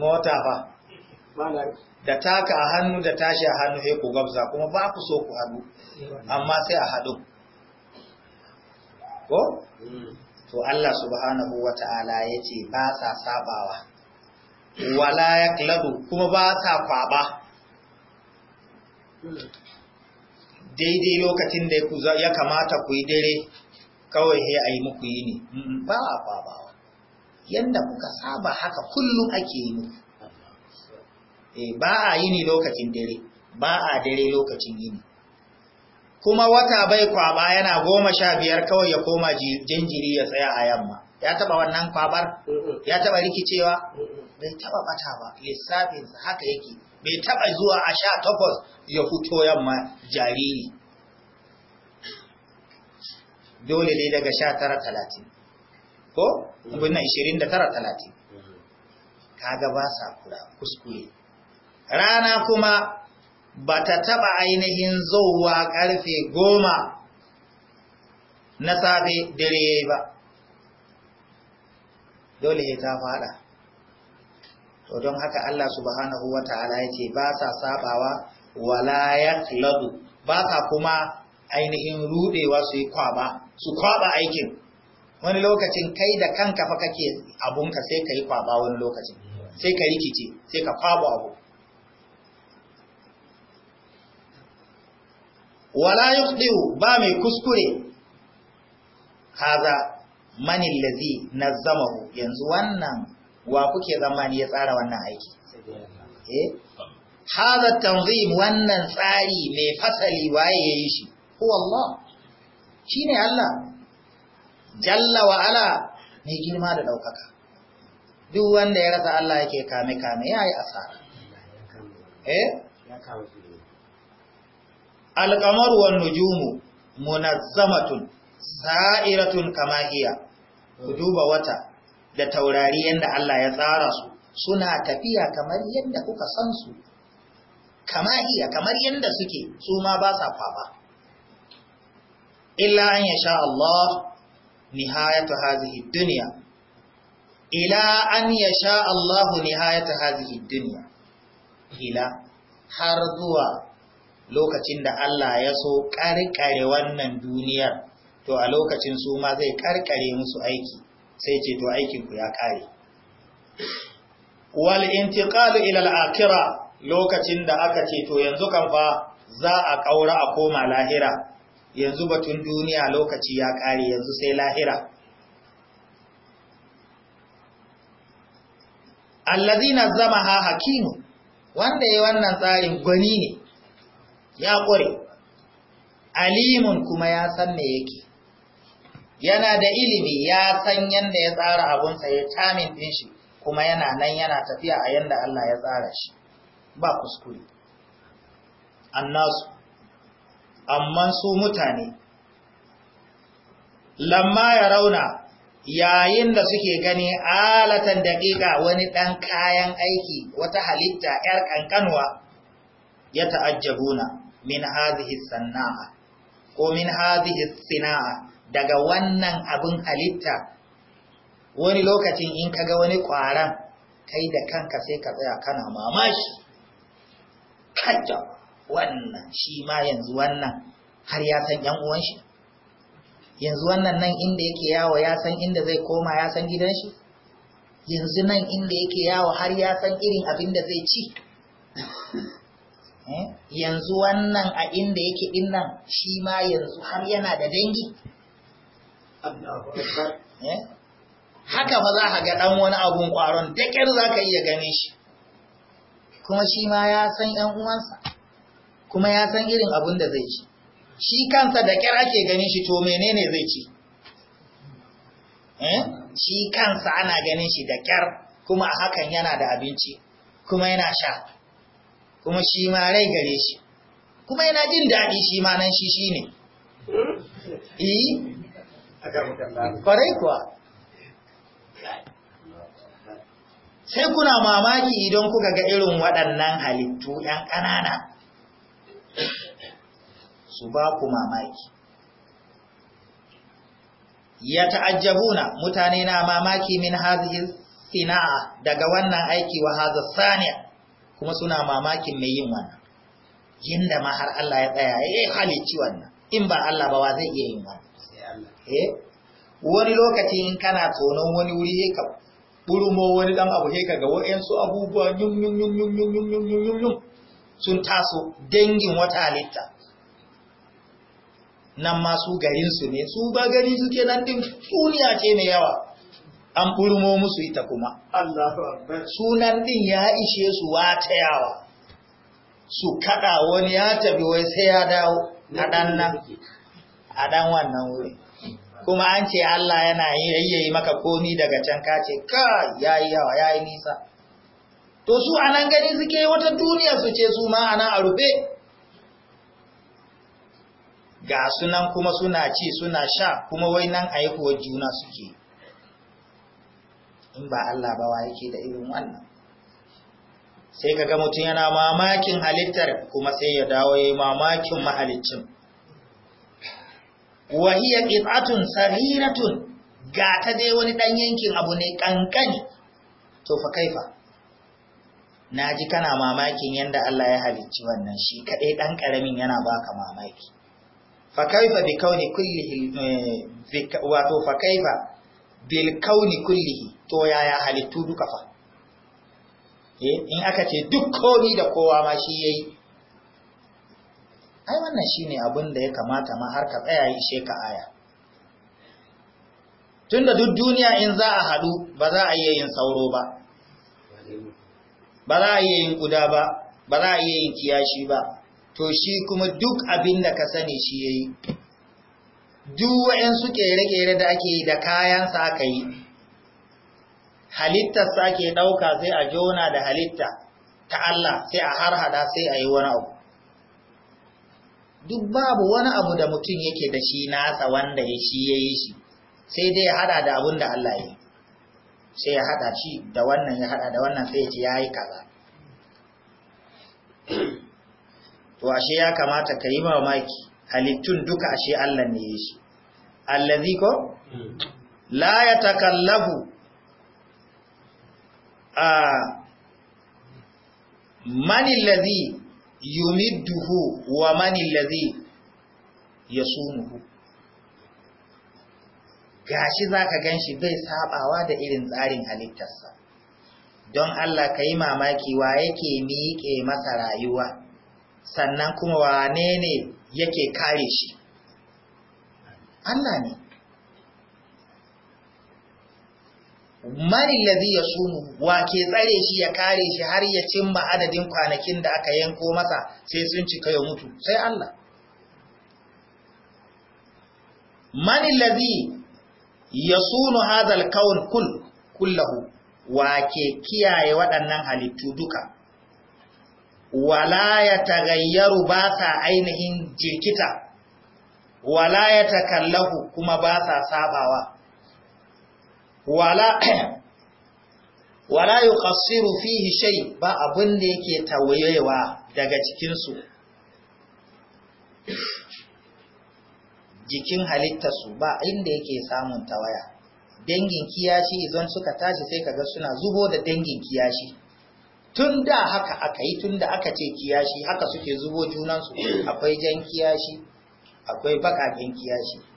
mota ba da taka a hannu da tashi a hannu sai ku gwabza kuma ba ku so ku haɗu mm-hmm. amma sai a haɗu ko? Mm-hmm. to Allah subhanahu wa ta'ala ya ce ba sa sabawa wala ya kladu kuma ba sa kwaba daidai lokacin da ya kamata ku yi dare kawai he a yi muku yi ne ba a kwabawa yadda kuka saba haka kullum ake yi ne. Eh, ba a yi ne lokacin dare ba a dare lokacin yini kuma wata bai kwaba yana goma sha biyar kawai ya koma jinjiri ya tsaya a yamma ya taba wannan kwabar ya taba rikicewa bai taba bata ba lissafinsa haka yake bai taba zuwa a sha takwas ya fito yamma jariri dole ne daga sha tara talatin ko abin ishirin da tara talatin kaga ba sa kura kuskure rana kuma ba ta taɓa ainihin zauwa ƙarfe goma na safe dare ba dole ya ta fada to don haka Allah subhanahu wa ta'ala ya ce ba sa sabawa wala ladu, ba sa kuma ainihin rudewa su yi kwaba su kwaba aikin wani lokacin kai da kanka fa kake abunka sai ka yi kwaba wani lokacin sai ka rikice sai ka kwabo abu wala yukhdiu ba mai kuskure haza man allazi nazzamahu yanzu wannan wa kuke zamani ya tsara wannan aiki eh haza tanzim wannan tsari mai fasali waye yayi shi huwa Allah shine Allah jalla wa ala mai girma da daukaka duk wanda ya rasa Allah yake kame kame yayi asara eh ya kawo alƙamar wan nujumu munazzamatun sa'iratun kama hiya ku duba wata da taurari yadda Allah ya tsara su suna tafiya kamar yadda kuka san su kama hiya kamar yadda suke su ma ba sa faɓa illa an yasha sha Allah nihayatu hazihi duniya ila an yasha Allah nihayatu hazihi duniya ila har zuwa lokacin da Allah ya so ƙarƙare wannan duniyar to a lokacin su ma zai ƙarƙare musu aiki sai ce to aikinku ya ƙare wal intiqalu ila al akhira lokacin da aka ce to yanzu kan fa za a ƙaura a koma lahira yanzu batun duniya lokaci ya ƙare yanzu sai lahira allazina zama ha hakimu wanda ya wannan tsarin gwani ne ya ƙware alimun kuma ya san me yake yana da ilimi ya san yanda ya tsara abun ya tamin din shi kuma yana nan yana tafiya a yanda Allah ya tsara shi ba kuskure annasu amma su mutane lamma ya rauna yayin da suke gani alatan daƙiƙa wani ɗan kayan aiki wata halitta ‘yar ƙanƙanwa ya ta'ajjabuna min hadhihi sana'a ko min hadhihi sina'a daga wannan abin halitta wani lokacin in kaga wani ƙwaran kai da kanka sai ka tsaya kana mamashi kajja wannan shi ma yanzu wannan har ya san ‘yan uwan shi yanzu wannan nan inda yake yawo ya san inda zai koma ya san gidan shi yanzu nan inda yake yawo har ya san irin abin da zai ci Eh? yanzu wannan a inda yake dinnan shi ma yanzu har yana da dangi eh? haka ba za ka ga ɗan wani abun ƙwaron da ƙyar za ka iya gane shi kuma shi ma ya san ‘yan uwansa kuma ya san irin abun da zai ci shi kansa da ƙyar ake ganin shi to menene zai ci eh? shi kansa ana ganin shi da ƙyar kuma a hakan yana da abinci kuma yana sha kuma shi ma rai gare shi kuma yana jin daɗi shi ma nan shi shi ne eh? kwarai kuwa sai kuna mamaki idan kuka ga irin waɗannan halittu ‘yan ƙanana su ba ku mamaki ya ta'ajjabuna mutane na mamaki min hazihin sina'a daga wannan aiki wa hazar saniya kuma suna mamakin mai yin wannan yanda ma har Allah ya tsaya ya halicci wannan in ba Allah ba wa zai iya yin wannan eh wani lokaci in kana tsonon wani wuri ka burumo wani dan abu sai ga wayansu abubuwa yum yum yum yum yum yum yum yum yum sun taso dangin wata halitta nan ma su garin su ne su ba gari suke nan din duniya ce mai yawa an burmo musu ita kuma sunan din ya ishe su watayawa su kada wani ya tafi wai sai ya dawo a dan nan a dan wannan wuri kuma an ce Allah yana yayyayi maka komi daga can ka ce ka yayi yawa yayi nisa to su anan gani suke wata duniya su ce su ma anan a rufe ga sunan kuma suna ci suna sha kuma wai nan ayi kuwa juna suke in ba Allah ba wa yake da irin wannan sai kaga mutum yana mamakin halittar kuma sai ya dawo yi mamakin mahaliccin wa hiya qit'atun sariratun ga ta dai wani ɗan yankin abu ne kankani to fa kaifa naji kana mamakin yadda Allah ya halicci wannan shi kadai dan karamin yana baka mamaki fa kaifa bi kauni kullihi eh, wato fa bil kauni kullihi to yaya halittu duka fa eh, in aka ce duk komi da kowa ma shi yayi ai wannan shine abin da ya kamata ma har ka tsaya yi sheka aya tunda duk duniya in za a haɗu ba za a iya sauro ba ba za a yayin kuda ba ba za a yayin kiyashi ba to shi kuma duk abin da ka sani shi yayi duk wa'in su kere-kere da ake yi da kayansa aka yi halitta sake ɗauka sai a jona da halitta ta Allah sai a harhada sai a yi wani abu duk babu wani abu da mutum yake da shi nasa wanda ya shi ya yi shi sai dai ya hada da abun da Allah ya yi sai ya hada shi da wannan ya hada da wannan sai ya ce ya yi kaza to ashe ya kamata ka yi mamaki halittun duka ashe Allah ne ya yi shi allazi ko hmm. la ya takallafu mani lazi yumidduhu wa mani lazi ya sunuhu gashi za ka gan shi bai sabawa da irin tsarin halittarsa don Allah ka yi mamaki wa yake miƙe masa rayuwa sannan kuma wanene ne yake kare shi Allah ne mani lazi ya wa ke tsare shi ya kare shi har ya cimma adadin kwanakin da aka yanko masa sai sun cika ya mutu sai Allah mani lazi ya sunu hadal kawun kul kullahu wa ke kiyaye waɗannan halittu duka wala ya tagayyaru ba sa ainihin jirkita wala ya takallahu kuma ba sa sabawa wala [clears throat] wala yuqassiru fihi ba abin da yake tawayewa daga cikin jikin halittar su ba inda yake samun tawaya dangin kiyashi idan suka tashi sai kaga suna zubo da dangin kiyashi tun da haka aka yi tun da aka ce kiyashi haka suke zubo junansu [clears throat] akwai jan kiyashi akwai bakaken kiyashi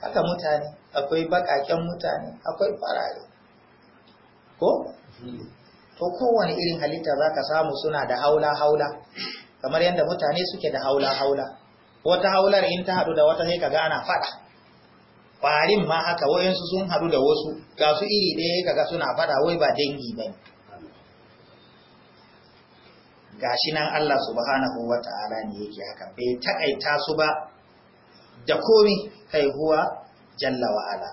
haka mutane akwai bakaken mutane akwai farare ko to kowane irin halitta za ka samu suna da haula haula kamar yadda mutane suke da haula haula wata haular in ta hadu da wata sai kaga ana fada Ƙwarin ma haka wayansu sun hadu da wasu ga su iri ɗaya kaga suna fada wai ba dangi Ga gashi nan Allah subhanahu wata'ala ne yake haka bai takaita su ba da komi kai huwa jalla wa'ala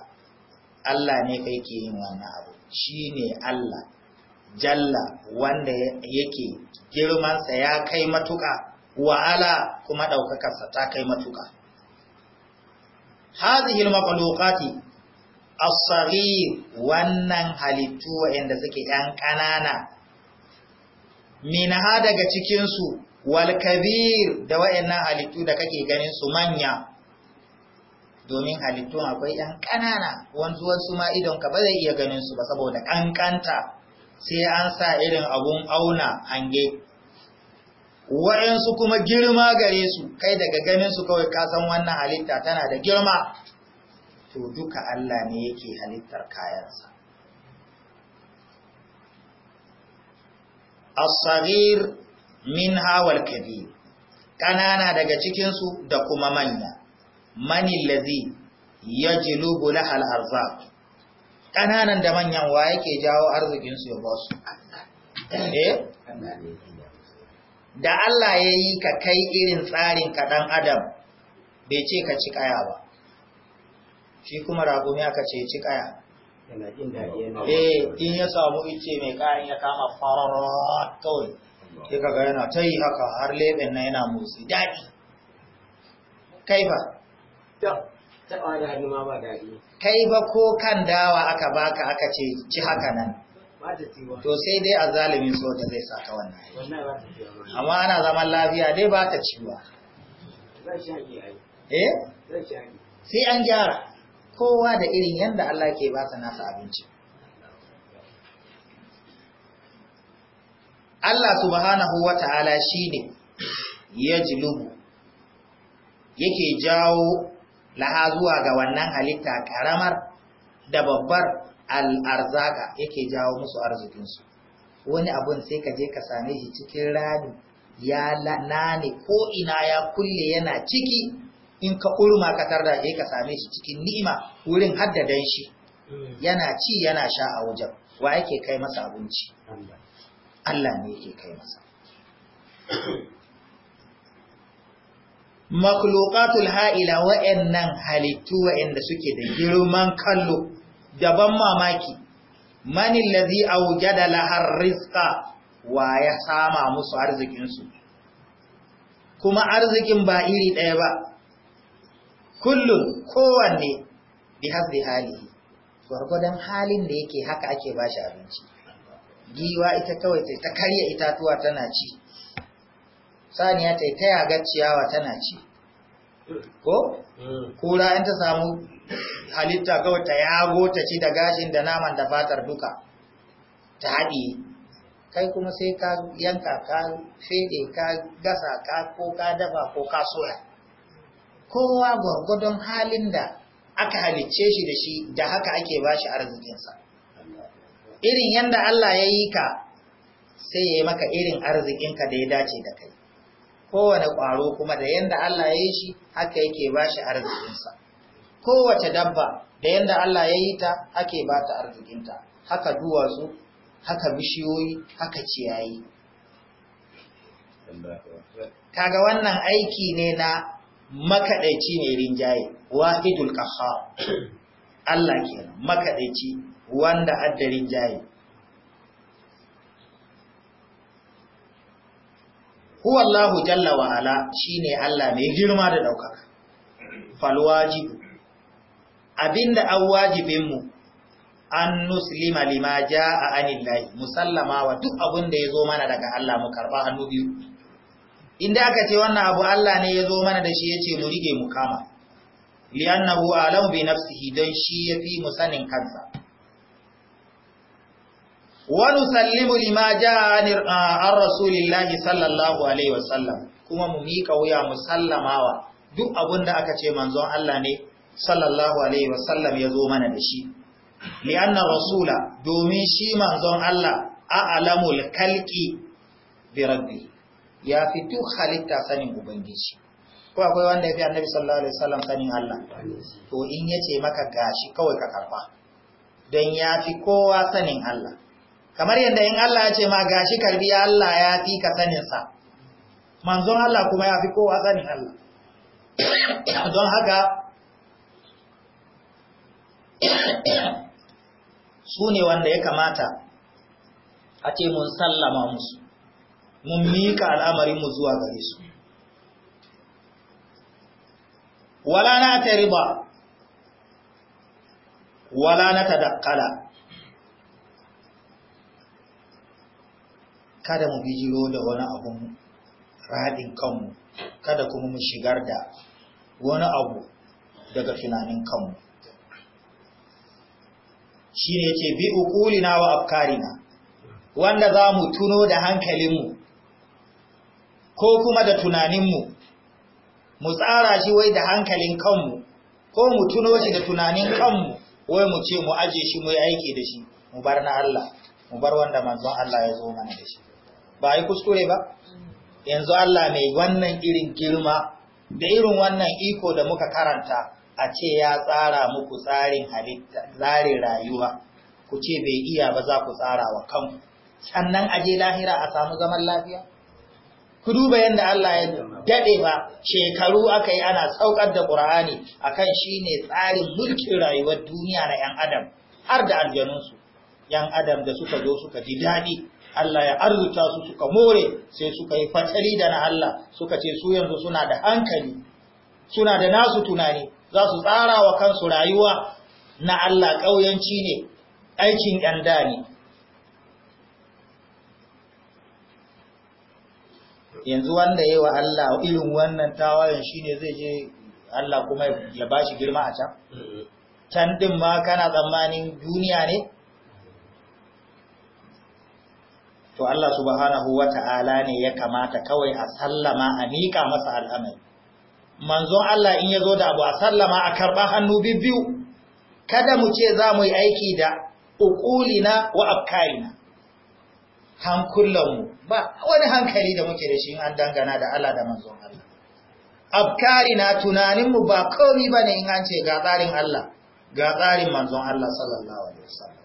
Allah ne kai ke yin wannan abu shi ne Allah jalla wanda yake girmansa ya kai matuka wa'ala kuma ɗaukakarsa ta kai matuka hazihil makhluqati as wannan halittu wanda suke yan ƙanana minha daga cikin su wal kabir da wayannan halittu da kake ganin su manya domin halittun akwai ‘yan ƙanana wasu ma idonka ba zai iya ganin su ba saboda ƙanƙanta sai an sa irin abun auna hange. Wa'yansu kuma girma gare su, kai daga ganin su kawai kasan wannan halitta tana da girma, to duka Allah ne yake halittar kayansa. as min hawal kabir, ƙanana daga cikinsu da kuma manya. mani lazi ya jilubu na al’arza ƙananan da manyan wa yake jawo arzikinsu ya basu eh? da Allah ya yi ka kai irin tsarin kaɗan adam bai ce ka ci ƙaya ba shi kuma ragumi aka ce ci ƙaya eh, in ya samu ice mai ƙayan ya kama fararra kawai ka kaga yana ta yi haka har leɓen na yana motsi daɗi kai ba Kai ba ko kan dawa aka baka aka ce ci haka nan. To sai dai a zalimin soja zai saka wannan. Amma ana zaman lafiya dai ba ta ciwa. Eh? Sai an gyara. Kowa da irin yadda Allah ke ba ta nasa abinci. Allah subhanahu wa ta'ala shi ne ya jilubu, yake jawo laha zuwa ga wannan halitta karamar da babbar al'arzaka yake jawo musu arzikinsu wani abun sai ka je ka same shi cikin rami ya nane ko ina ya kulle yana ciki in ka urma ka tarda je ka same shi cikin ni'ima wurin haddadan shi hmm. yana ci yana sha a wajen wa yake kai masa abinci Allah ne yake kai masa makhluqatul ha'ila wa'annan halittu wayanda suke da girman kallo daban mamaki a ladhi da lahar rizqa wa ya sama musu arzikinsu? kuma arzikin ba iri ɗaya ba Kullum, kowanne bi hasbi halihi gwargwadon halin da yake haka ake bashi abinci giwa ita kawai ta karya itatuwa tana ci saniya ta ta yaga ciyawa tana ci ko hmm. kura in ta samu halitta kawai ta yago ta ci da gashin da naman da fatar duka ta haɗi kai kuma sai ka yanka ka fede ka gasa ka ko ka dafa ko ka soya kowa gwargwadon halin da aka halicce shi da shi da haka ake ba shi arzikinsa irin yadda Allah ya yi ka sai ya yi maka irin arzikinka da ya dace da kai kowane ƙwaro kuma da yanda Allah ya yi shi haka yake ba shi arzikinsa kowace dabba da yanda Allah ya yi ta ake ba ta arzikinta haka duwatsu haka bishiyoyi haka ciyayi kaga wannan aiki ne na makaɗaici ne rinjaye wahidul qahhar Allah ke makaɗaici wanda adda rinjaye huwa Allahu jalla wa ala shine Allah mai girma da daukaka fal wajibu abinda an wajibin mu an nuslima lima jaa anillahi musallama wa duk abin da yazo mana daga Allah mu karba hannu biyu inda aka ce wannan abu Allah ne yazo mana da shi yace mu rige mu kama annahu alam bi nafsihi dan shi yafi mu sanin kansa wani sallimu lima ja an rasulillahi sallallahu alaihi wasallam kuma mu miƙa wuya mu sallamawa duk abin da aka ce manzon Allah ne sallallahu alaihi wasallam ya zo mana da shi li'anna rasula domin shi manzon Allah a'lamul kalki bi rabbi ya fi duk halitta sanin ubangiji ko akwai wanda ya fi annabi sallallahu alaihi wasallam sanin Allah to in yace maka gashi kawai ka karba don ya fi kowa sanin Allah kamar yadda in Allah ya ce ma gashi karbi Allah ya fi ka saninsa manzon Allah kuma ya fi kowa sanin Allah [coughs] don haka [coughs] su ne wanda ya kamata a ce mun sallama musu mun miƙa al'amarinmu zuwa gare su wala na ta riba wala na ta kada mu bijiro da wani abun raɗin kanmu kada kuma mu shigar da wani abu daga tunanin kanmu shi ne ce bi ukulina wa afkarina wanda za mu tuno da hankalinmu ko kuma da tunaninmu mu tsara shi wai da hankalin kanmu ko mu tuno shi da tunanin kanmu wai mu ce mu aje shi mu yi aiki da shi mu bar na Allah mu bar wanda manzon Allah ya zo mana da shi ba yi kuskure ba yanzu Allah mai wannan irin girma da irin wannan iko da muka karanta a ce ya tsara muku tsarin halitta tsarin rayuwa ku ce bai iya ba za ku tsara wa kanku sannan a je lahira a samu zaman lafiya ku duba yadda Allah ya daɗe ba shekaru aka yi ana saukar da Ƙur'ani a kan shi ne tsarin mulkin rayuwar duniya na ‘yan adam har da aljanunsu ‘yan adam da suka zo suka ji daɗi Allah ya arzuta su suka more sai suka yi fatsari da na Allah suka ce su yanzu suna da hankali suna da nasu tunani za su tsara wa kansu rayuwa na Allah ƙauyanci ne aikin ƙanda ne yanzu wanda ya yi wa Allah irin wannan tawayen shine zai je Allah kuma ya bashi girma a can mm-hmm. can din ma kana tsammanin duniya ne to Allah subhanahu wa ta'ala ne ya kamata kawai a sallama a miƙa masa al'amari manzon Allah in ya zo da abu a sallama a karɓa hannu biyu kada mu ce za mu yi aiki da uƙulina wa afkarina hankulanmu ba wani hankali da muke da shi an dangana da Allah da manzon Allah afkarina tunaninmu ba komi ba ne in an ce ga tsarin Allah ga tsarin manzon Allah sallallahu alaihi wasallam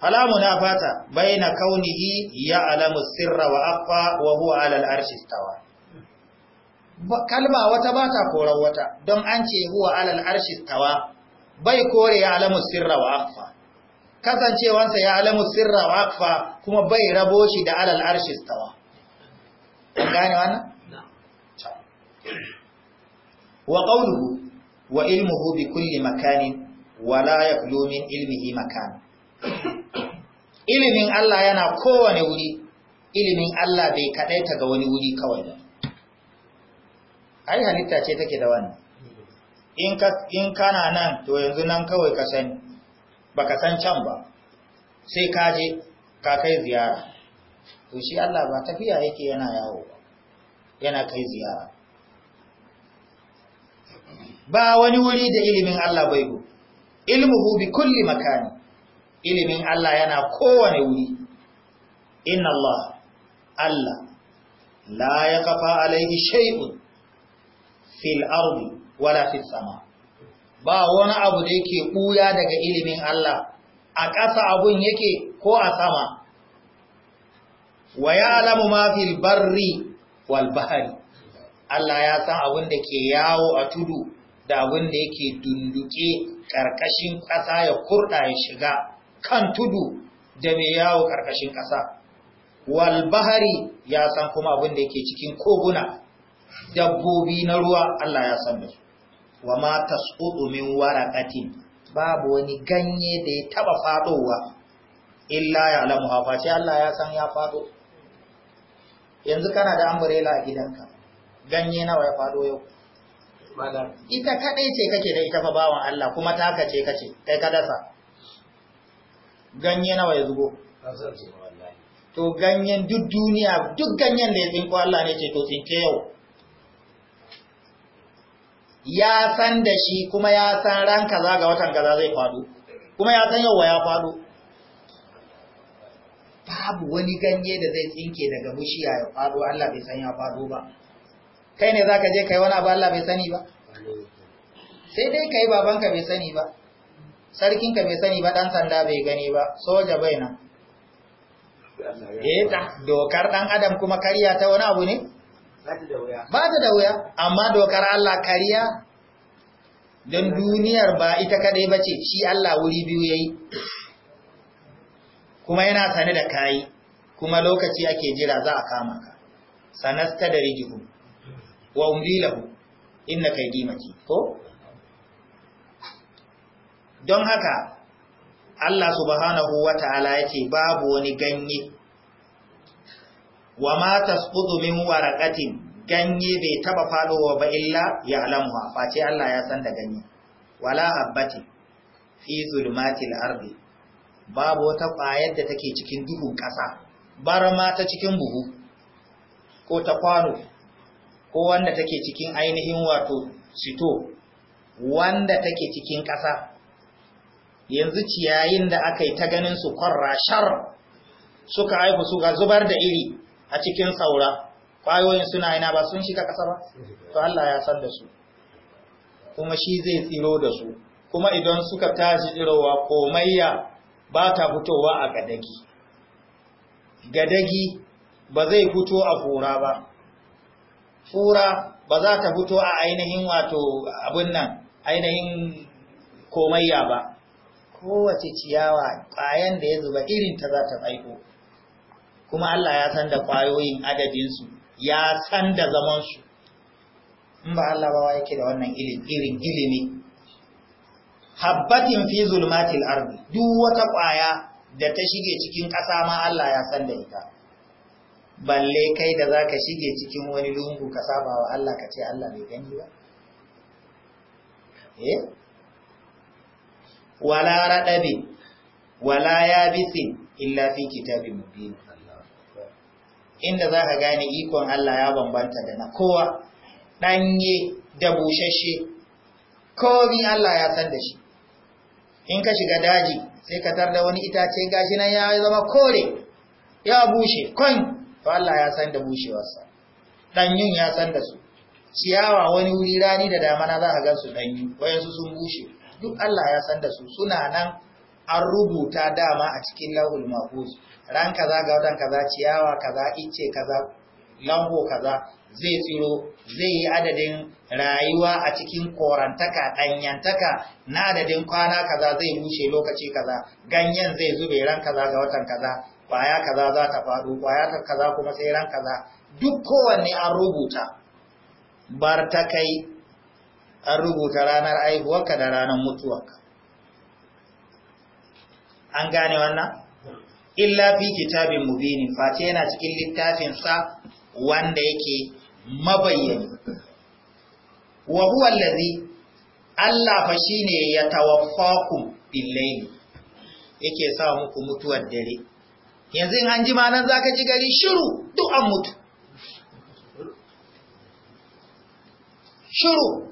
fala munafata baina kaunihi ya alamu sirra wa akhfa wa huwa 'ala al-arshi istawa kalma wata ba ta koran wata don an ce huwa 'ala al-arshi istawa bai kore ya alamu sirra wa akhfa kasancewansa ya alamu sirra wa akhfa kuma bai rabo shi da 'ala al-arshi istawa an gane wannan wa qawluhu wa ilmuhu bi kulli makanin wa la yaklu min ilmihi makan ilimin Allah yana kowane wuri ilimin Allah bai ta ga wani wuri kawai ba ai halitta ce take da wannan in ka in kana nan to yanzu nan kawai ka sani baka san can ba sai ka je ka kai ziyara to shi Allah ba tafiya yake yana yawo ba yana kai ziyara ba wani wuri da ilimin Allah bai go ilmuhu bi kulli makani ilimin Allah yana kowane wuri inna Allah Allah la ya kafa alaihi shay'un fil ardi wala fil sama ba wani abu da yake buya daga ilimin Allah a ƙasa abun yake ko a sama wa ya'lamu ma fil barri wal bahri Allah ya san abin da ke yawo a tudu da abun da yake dunduke ƙarƙashin ƙasa ya kurɗa ya shiga kan tudu da mai yawo ƙarƙashin ƙasa wal bahari ya san kuma abin da yake cikin koguna dabbobi na ruwa Allah ya san da su wa ma tasqutu min waraqatin babu wani ganye da ya taba fadowa illa ya alamu hafa sai Allah ya san ya fado yanzu kana da amurela a gidanka ganye nawa ya fado yau ita kadai ce kake da ita fa bawan Allah kuma ta ce kace kai ka dasa ganye nawa ya zubo to ganyen duk duniya duk ganyen da ya tsinko Allah ne ce to tsinke yau ya san da shi kuma ya san ran kaza ga watan kaza zai faɗo kuma ya san yau ya faɗo babu wani ganye da zai tsinke daga bushiya ya faɗo Allah bai san ya faɗo ba kai ne zaka je kai wani abu Allah bai sani ba sai dai kai babanka bai sani ba Sarkin ka bai sani ba ɗan sanda bai gani ba soja bai nan Eta, eh, dokar ɗan adam kuma kariya ta wani abu ne? Ba ta da wuya, amma dokar Allah kariya don duniyar ba ita kadai ba ce, shi Allah wuri biyu yayi yi, kuma yana sane da kayi, kuma lokaci ake jira za a kama ka, sanasta da rijihu, wa umri innaka kai ko? don haka Allah subhanahu wa ta'ala ya ce babu wani ganye wa ma tasqutu min waraqatin ganye bai taba fadowa ba illa ya alamuwa face Allah ya san da ganye wala habbati fi zulmatil ardi babu wata ƙwayar da take cikin duhun ƙasa barama ta cikin buhu ko ta kwano ko wanda take cikin ainihin wato sito wanda take cikin ƙasa yanzu ciyayin da aka yi ta ganin su shar suka haifu ga zubar da iri a cikin saura ƙwayoyin suna yana ba sun shiga ƙasa ba to Allah ya san da su kuma shi zai tsiro da su kuma idan suka tashi tsirowa komayya ba ta fitowa a gadagi gadagi ba zai fito a fura ba fura ba za ta fito a ainihin wato abin nan ainihin komayya ba kowace ciyawa ƙwayan da ya zuba irin ta za ta tsaiko kuma Allah ya san da ƙwayoyin adadinsu ya san da zamansu in ba Allah ba yake da wannan irin ilimi habbatin fi zulmatil ardi duk wata ƙwaya da ta shige cikin ƙasa ma Allah ya san da ita balle kai da zaka shige cikin wani lungu ka saba wa Allah ka ce Allah bai gani ba eh wala raɗaɓe? wala bise illa fi kitabin mubin inda za ka gane ikon Allah ya bambanta da na kowa ɗanye da bushashe komi Allah ya san da shi in ka shiga daji sai ka tar da wani itace gashi nan ya zama kore ya bushe kwan to Allah ya san da bushewarsa ɗanyun ya san da su ciyawa wani wuri rani da damana za ka gansu ɗanyu wayansu sun bushe duk Allah ya san da su suna nan an rubuta dama a cikin lahul mahfuz ran kaza ga watan kaza ciyawa kaza icce kaza lambo kaza zai tsiro zai yi adadin rayuwa a cikin korantaka danyantaka na adadin kwana kaza zai rushe lokaci kaza ganyen zai zube ran kaza ga watan kaza kwaya kaza za ta faɗo kwaya ta kaza kuma sai ran kaza duk kowanne an rubuta bar ta kai an rubuta ranar aihuwarka da ranar mutuwarka an gane wannan illa fi kitabin mubinin face yana cikin littafinsa wanda yake mabayyani wa huwa allazi Allah fa shine ya tawaffakum billayli yake sa muku mutuwar dare yanzu in an ji ma nan zaka ji gari shiru duk an mutu shiru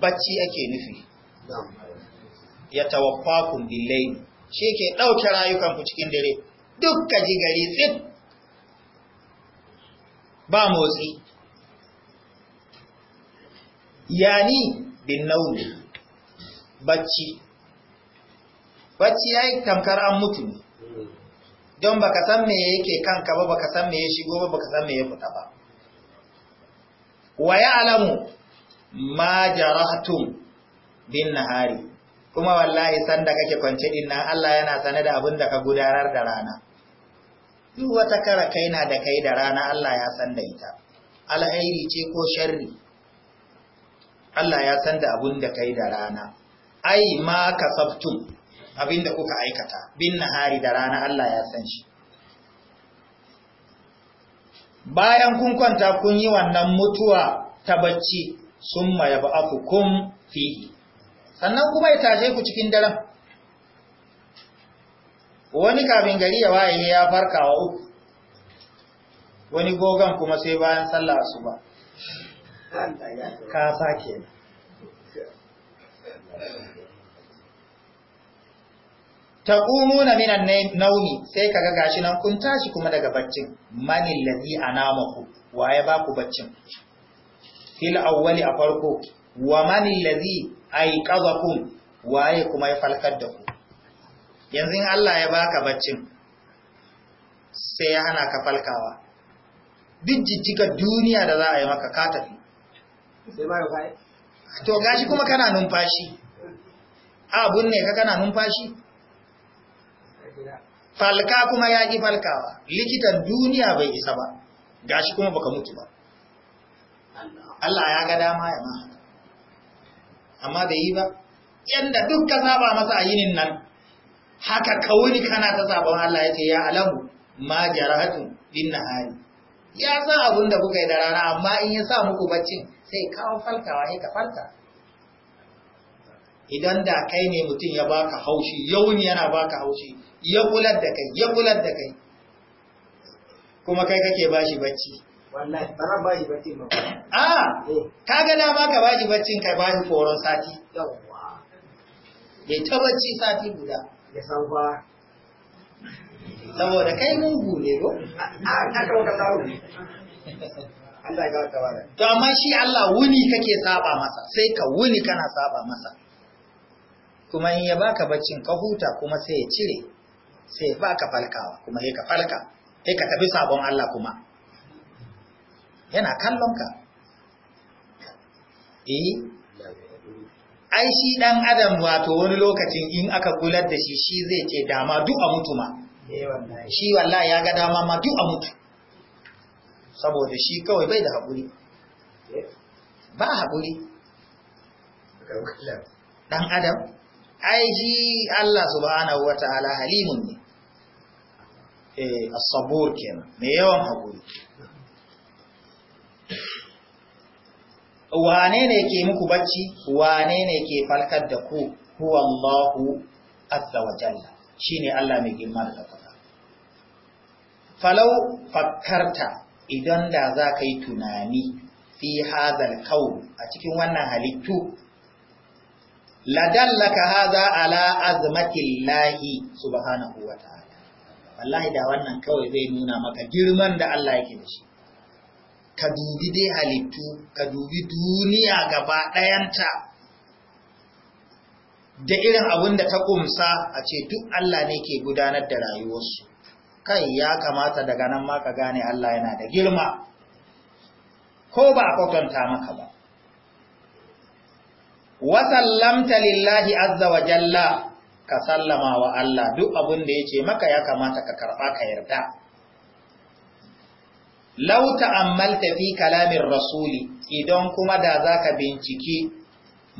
bacci ake nufi ya tawaffakun billahi shi ke ɗauke rayukanku cikin dare duk ka ji gari tsif ba motsi yani bin nauni bacci bacci ya yi tamkar an mutu don baka san me yake kanka ba baka san me ya shigo ba baka san me ya fita ba wa ya ma jaratum bin nahari kuma wallahi sanda kake kwance din Allah yana sane da abin da ka gudanar da rana duk wata kara kaina da kai da rana Allah ya san da ita alhairi ce ko sharri Allah ya san da abin da kai da rana ai ma kasabtum abin da kuka aikata bin nahari da rana Allah ya san shi bayan kun kwanta kun yi wannan mutuwa ta bacci summa yab'athukum fi, sannan kuma ya tashe ku cikin daren wani kafin gari ya waye ya farka wa uku wani gogon kuma sai bayan sallah asuba ka sake na minan nauni, sai kaga gashi nan kun tashi kuma daga baccin manil ladhi anamaku waye ba ku baccin fil awwali a farko wa man allazi ayqadhakum waye kuma ya falkar da ku yanzu in Allah ya baka baccin sai ya hana ka falkawa duk jijjiga duniya da za a yi maka ka tafi to gashi kuma kana numfashi abun ne ka kana numfashi falka kuma ya ƙi falkawa likitan duniya bai isa ba gashi kuma baka mutu ba Allah ya ga dama ya ma amma bai yi ba yanda duk ka saba masa a yinin nan haka kawuni kana ta sabon Allah ya ce ya alamu ma jarahatu bin nahari ya san abun da kuka yi da rana amma in ya sa muku baccin sai kawo falkawa ya ka falka idan da kai ne mutum ya baka haushi yauni yana baka haushi ya kular da kai ya kular da kai kuma kai kake bashi bacci wallahi ba ba shi bacci ba a ah, eh. ka da ba ka bashi baccin ka sati yawa ya ta bacci sati guda ya san ba saboda kai mun ne ko a ka ka samu Allah ya ka bada to amma shi Allah wuni kake saba masa sai ka wuni kana saba masa kuma in ya baka baccin ka huta kuma sai ya cire sai ya baka falkawa kuma sai ka falka sai ka tafi sabon Allah kuma yana kallon ka eh ai shi dan adam wato wani lokacin in aka kular da shi shi zai ce dama duk a mutu ma eh, shi wallahi ya ga dama ma duk a mutu saboda shi kawai bai da haƙuri eh? ba haƙuri dan adam ai shi Allah subhanahu wataala halimun ne eh as kenan me yawan haƙuri wane ne ke muku bacci wane ne ke falkar da ku huwa Allahu azza wa jalla shine Allah mai girma da ɗaukaka falau fakkarta idan da za ka yi tunani fi hazal kaul a cikin wannan halittu ladallaka haza ala azmatillahi subhanahu wa ta'ala wallahi da wannan kawai zai nuna maka girman da Allah yake da shi ka dubi dai halittu ka dubi duniya gaba ɗayanta da irin abin da ta kumsa a ce duk Allah ne ke gudanar da rayuwarsu kai ya kamata daga nan ma ka gane Allah yana da girma ko ba a kwatanta maka ba wasallamta lillahi azza wa jalla ka sallama wa Allah duk abin da ya ce maka ya kamata ka karɓa ka yarda law ta'ammalta fi kalamin rasuli idan kuma da zaka binciki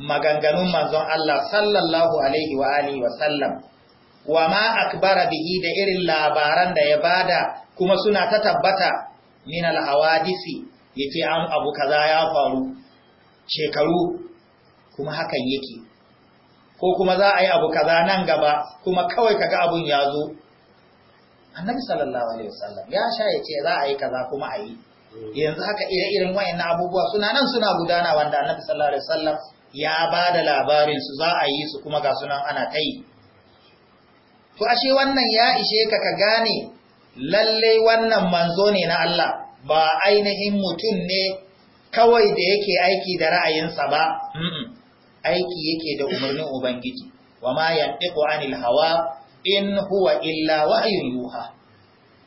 maganganun manzon Allah sallallahu alaihi wa ma akbara bihi da irin labaran da ya bada kuma suna ta tabbata min al-hawadisi yace an abu kaza ya faru shekaru kuma hakan yake ko kuma za a yi abu kaza nan gaba kuma kawai ga abun ya zo annabi sallallahu alaihi wasallam ya sha ya ce za a yi kaza kuma a yi yanzu haka ire irin wa'annan abubuwa suna nan suna gudana wanda annabi sallallahu alaihi wasallam ya ba da labarin su za a yi su kuma ga sunan ana ta yi to ashe wannan ya ishe ka ka gane lalle wannan manzo ne na Allah ba ainihin mutum ne kawai da yake aiki da ra'ayinsa ba aiki yake da umarnin ubangiji wa ma yantiqu anil hawa in huwa illa wa'ayun yuha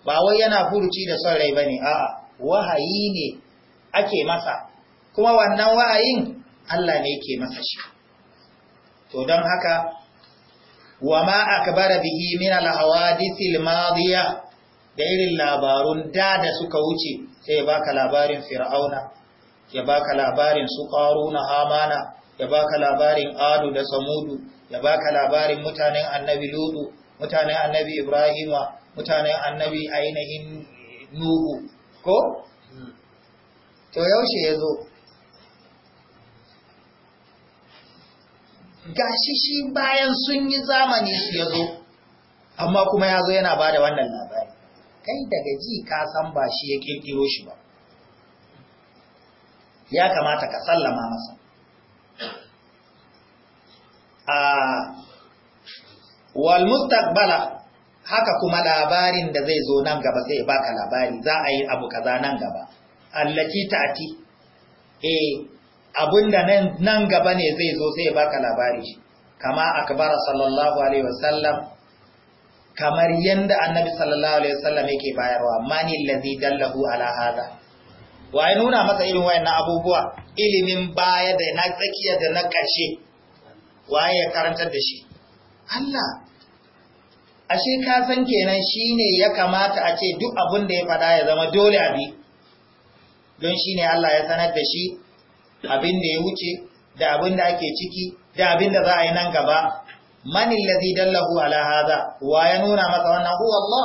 ba wai yana furuci da son rai bane a'a wahayi ne ake masa kuma wannan wahayin Allah ne ke masa shi to don haka wa ma akbara bihi min al-hawadithil madiya da irin labarun da da suka wuce sai ya baka labarin fir'auna ya baka labarin su na hamana ya baka labarin adu da samudu ya baka labarin mutanen annabi lutu mutanen annabi ibrahima mutanen annabi ainihin nuhu ko to yaushe ya zo gashi shi bayan sun yi zamani ya zo amma kuma ya zo yana ba da wannan labari kai daga ji ka san ba shi ya kirkiro shi ba ya kamata ka sallama masa a ah, wal mustaqbala haka kuma labarin da zai zo nan gaba sai baka labari za a yi abu kaza nan gaba allati ta'ti eh abunda nan nan gaba ne zai zo sai baka labari kama akbara sallallahu alaihi wasallam kamar yanda annabi sallallahu alaihi wasallam yake bayarwa mani allazi dallahu ala hada Waye nuna masa irin wayannan abubuwa ilimin baya da na tsakiya da na karshe waye ya karantar da shi Allah ashe ka san kenan shine ya kamata a ce duk abin da ya faɗa ya zama dole abi don shine Allah ya sanar da shi abin da ya wuce da abin da ake ciki da abin da za a yi nan gaba manin lazi dallahu ala haza wa ya nuna masa wannan huwa Allah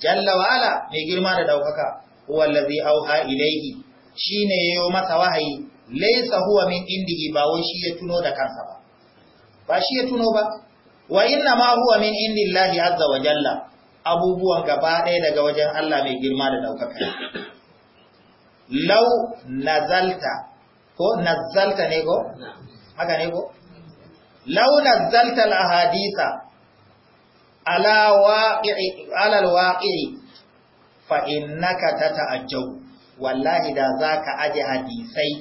jalla wa ala mai girma da daukaka huwa lazi auha ilaihi shine yayo masa wahayi laysa huwa min indihi ba wai shi ya tuno da kansa ba ba shi ya tuno ba wa inna ma huwa min indillahi azza wa jalla abubuwan gaba ɗaya daga wajen Allah mai girma da ɗaukaka lau nazalta ko nazalta ne ko haka ne ko lau nazalta al-ahadisa ala waqi'i ala al-waqi'i fa innaka tata'ajjab wallahi da zaka aje hadisai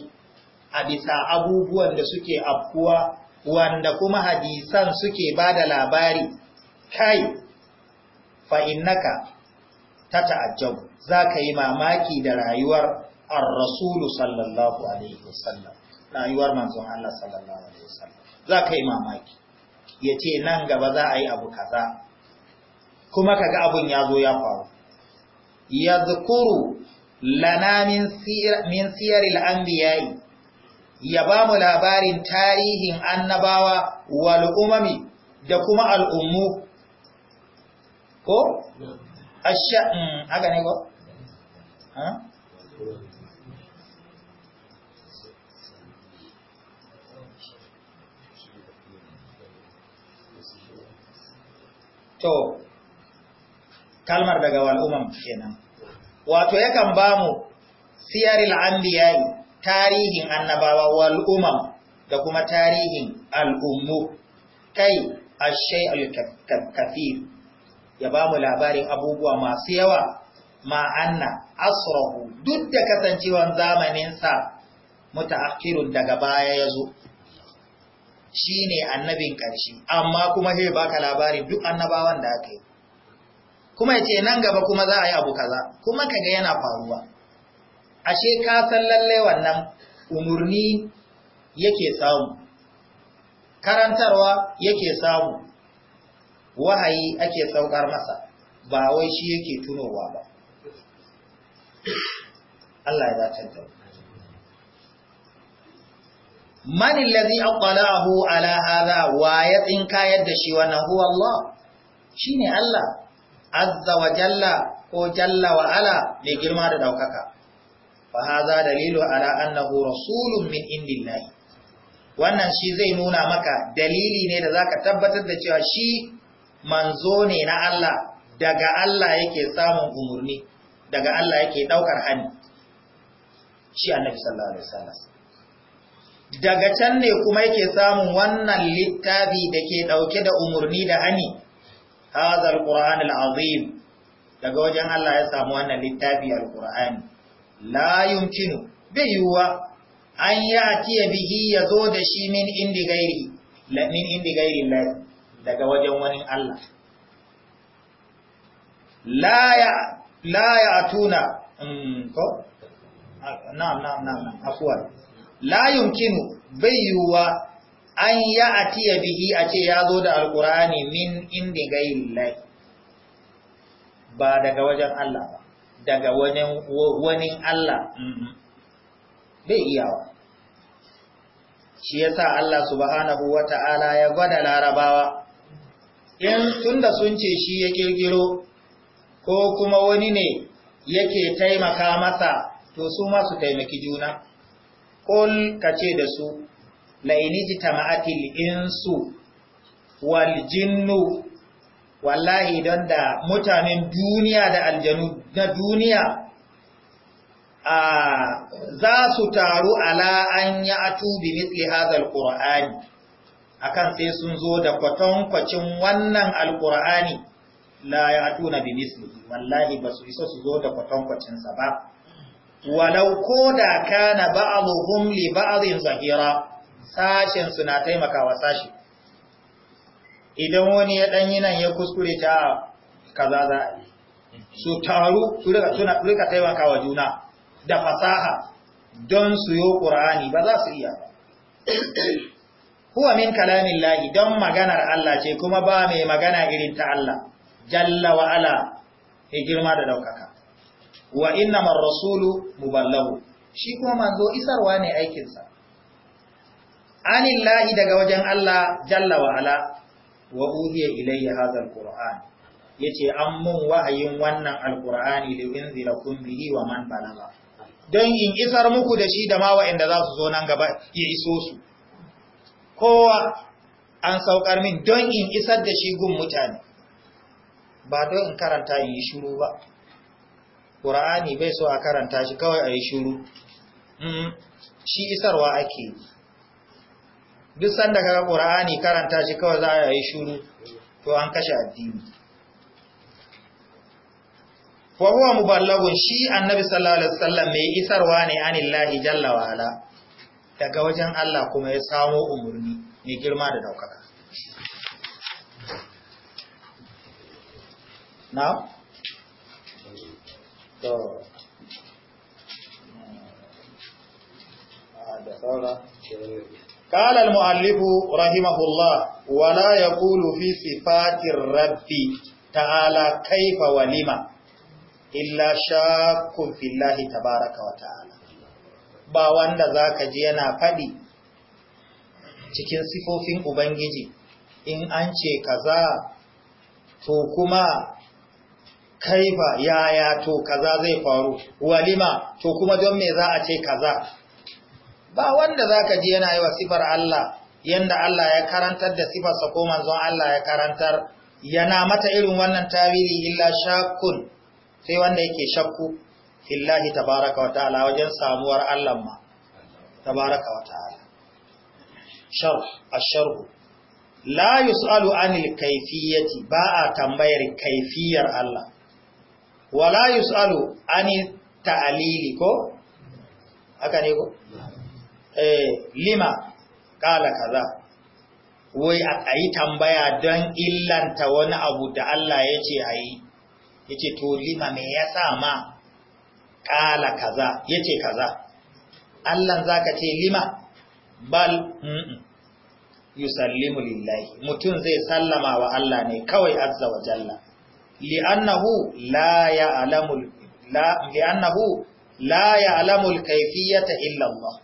a bisa abubuwan da suke afkuwa wanda kuma hadisan suke ba da labari kai fa'innaka ta ta'ajjab za ka yi mamaki da rayuwar ar-rasulu sallallahu alaihi wasallam rayuwar manzon Allah sallallahu alaihi wasallam za ka yi mamaki ya ce nan gaba za a yi abu kaza kuma kaga abun ya zo ya faru ya zukuru lana min siyar al'ambiyai ya ba mu labarin tarihin annabawa wal umami da kuma al'ummu ko? asha mm, haka ne ko? to kalmar daga wal umam kenan wato yakan ba mu siyaril anbiya'i tarihin annabawa wal umam da kuma tarihin al'ummu kai a al-kafir ya ba mu labarin abubuwa masu yawa ma'anna asrahu duk da kasancewan zamaninsa mutaakhirun daga baya ya zo shi ne annabin ƙarshe amma kuma sai baka labarin duk annabawan da aka yi kuma ya ce nan gaba kuma za a yi abu kaza kuma kaga yana faruwa ashe ka san lalle wannan umurni yake samu karantarwa yake samu wahayi ake saukar masa ba wai shi yake tunowa ba Allah ya dace da man allazi aqalahu ala hadha wa ya tsinkayar da shi wannan huwa Allah shine Allah azza wa jalla ko jalla wa ala mai girma da daukaka fa hadha dalilu ala annahu rasulun min indillahi wannan shi zai nuna maka dalili ne da zaka tabbatar da cewa shi manzo ne na Allah daga Allah yake samun umurni daga Allah yake daukar hani shi annabi sallallahu alaihi wasallam daga can ne kuma yake samun wannan littafi da ke dauke da umurni da hani hadha alquran alazim daga wajen Allah ya samu wannan littafi alqur'ani la yumkinu bai yiwuwa an yi atiya bihi ya zo da shi min indi gairi min indi gairi lai daga wajen wani Allah la ya la tuna mm, ko na'am na'am na'am afwan la yumkinu bai yiwuwa an ya atiya bihi a ce ya zo da alkurani min indi gairi lai ba daga wajen Allah ba daga wani Allah mm-hmm. bai iyawa shi ya sa Allah subhanahu wata'ala ya gwada larabawa in tunda sun ce shi ya kirkiro ko kuma wani ne yake taimaka masa to su ma taimaki juna ka ce da su ta ma'atil insu wal jinnu wallahi don da mutanen duniya da aljanu na duniya a za su taru ala an ya atu bi mitli hadal a kan sai sun zo da kwatankwacin wannan alqur'ani la ya na bi misli wallahi ba su isa su zo da kwatankwacin sa ba walau koda kana ba'dhum li a zahira sashensu na taimakawa sashi idan wani ya ɗanyi nan ya kuskure ta kaza za a yi su taru su rika taimaka wa juna da fasaha don su yi ƙura'ani ba za su iya ba. huwa min kalamin lahi don maganar Allah ce kuma ba mai magana irin ta Allah jalla wa ala ya girma da ɗaukaka wa inna rasulu muballahu shi kuma manzo isarwa ne aikinsa Anin lahi daga wajen Allah jalla wa ala wa uhiya ilayya hadha alquran yace an mun wahayin wannan alqurani li kun bihi wa man balaga dan in isar muku da shi da ma wa'anda za su zo nan gaba ya iso su kowa an saukar min don in isar da shi gun mutane ba don in karanta yi shuru ba qur'ani bai so a karanta shi kawai a yi shuru mm-hmm. shi isarwa ake yi duk sanda kaga qur'ani karanta shi kawai za a yi shuru to an kashe addini wa huwa muballagun shi annabi sallallahu alaihi wasallam mai isarwa ne anillahi jalla wa ala daga wajen Allah kuma ya samo umurni mai girma da daukaka na to eh, ah, da saura قال المؤلف رحمه الله ولا يقول في صفات الرب تعالى كيف ولما إلا شاك في الله تبارك وتعالى ba wanda zaka ji yana faɗi cikin sifofin ubangiji in an ce kaza to kuma kaifa yaya to kaza zai faru walima to kuma don me za a ce kaza ba wanda zaka ji yana yi wa sifar Allah yanda Allah ya karantar da sifarsa ko manzon Allah ya karantar yana mata irin wannan tawili illa shakkun sai wanda yake shakku fillahi tabaraka wa ta'ala wajen samuwar Allah ma tabaraka wa ta'ala shar ashar la yus'alu anil kayfiyati ba a tambayar kayfiyar Allah wala yus'alu anil ta'lili ko haka ne ko Eh, lima kala kaza wai a yi tambaya don illanta wani abu da Allah ya ce a yi ya ce to lima mai ya sa ma kala kaza ya ce kaza Allah za ka ce lima bal yusallimu lillahi mutum zai sallama wa Allah ne kawai azza wa jalla li'annahu la ya'lamu la li'annahu la ya'lamu al-kayfiyata illa Allah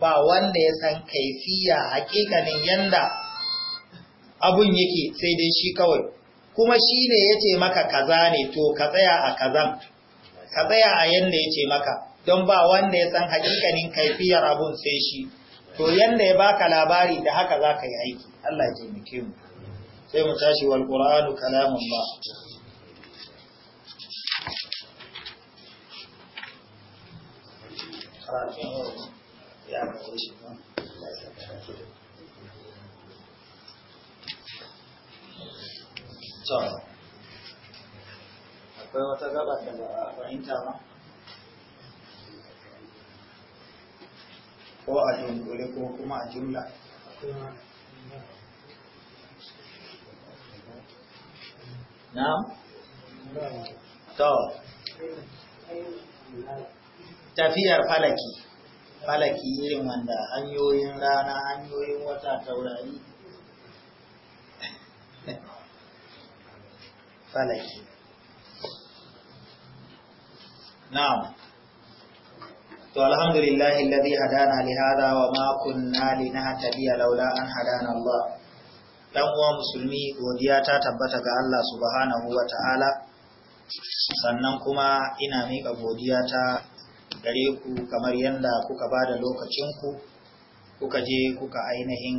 ba wanda ya san kaifiya hakikanin yanda abun yake sai dai shi kawai kuma shi ne ya ce maka kaza ne to ka tsaya a kazan ka tsaya a yanda ya ce maka don ba wanda ya san hakikanin kaifiyar abun sai shi to yanda ya baka labari da haka za ka yi aiki Allah ya taimake mu sai mu tashi wal qur'anu kalamun ba Thank you. ya akwai wata gaba da ba a fahimta ba ko a dunkule ko kuma a jumla na? to tafiyar falaki falaki irin wanda hanyoyin rana hanyoyin wata taurari [laughs] falaki to alhamdulillah alladhi hadana li hada wa ma kunna linahtadiya laula an hadana Allah dan uwa musulmi godiya ta tabbata ga Allah subhanahu wa ta'ala sannan kuma ina mika godiya ta gare ku kamar yadda kuka ba da lokacinku kuka je kuka ainihin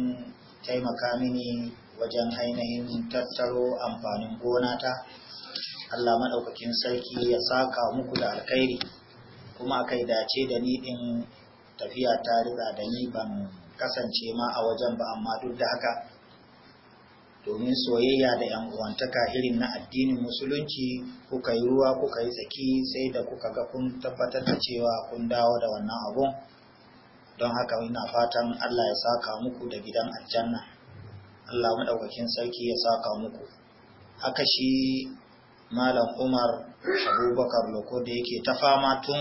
taimaka mini wajen ainihin tattaro amfanin gonata Allah maɗaukakin sarki ya saka muku da alkhairi kuma kai dace da ni ɗin tafiya ta riga da ni ban kasance ma a wajen ba amma duk da haka domin soyayya da ‘yan uwantaka irin na addinin musulunci kuka yi ruwa kuka yi tsaki sai da kuka ga kun tabbatar da cewa kun dawo da wannan abun don haka ina fatan Allah ya saka muku da gidan aljanna Allah maɗaukakin sarki ya saka muku haka shi malam umar abubakar loko da yake ta fama tun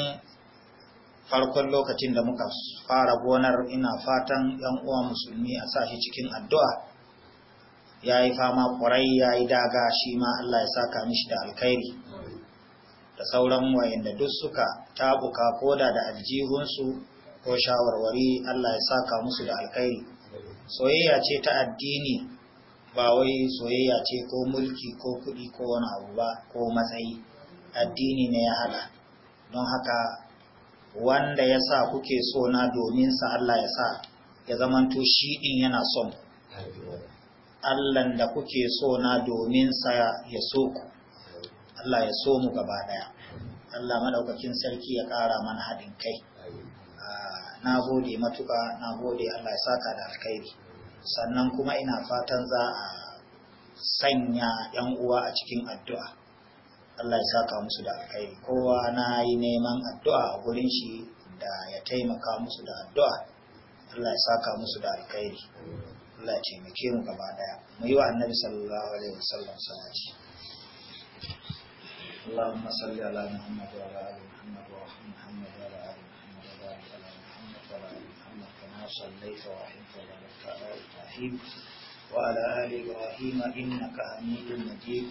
farkon lokacin da muka fara gonar ina fatan ‘yan uwa musulmi a sa shi cikin addu'a ya yi fama ƙwarai ya yi daga shi ma Allah ya saka mishi da alkhairi da sauran wayanda duk suka tabuka koda da aljihunsu ko shawarwari Allah ya saka musu da alkhairi soyayya ce ta addini ba wai soyayya ce ko mulki ko kuɗi ko wani abu ba ko matsayi addini ne ya haɗa don haka wanda ya sa kuke sona na domin sa Allah ya sa ya zamanto shi din yana son Allahn da kuke so na domin sa ya so ku, Allah ya so mu gaba ɗaya. Allah madaukakin sarki ya ƙara mana haɗin kai. Ah, na gode matuƙa, na gode Allah ya saka da alkhairi. Sannan kuma ina fatan za a sanya ‘yan uwa a cikin addu'a. Allah ya saka musu da alkhairi. Kowa na yi neman addu'a a gurin shi da ya taimaka musu da addu'a. Allah ya saka musu da alkhairi. Allah ya taimake mu gaba daya mu yi wa annabi sallallahu alaihi wasallam salati اللهم صل على محمد وعلى ال محمد وارحم محمد وعلى ال محمد وبارك على محمد وعلى ال محمد كما صليت ورحمت وبارك على ابراهيم وعلى ال ابراهيم انك حميد مجيد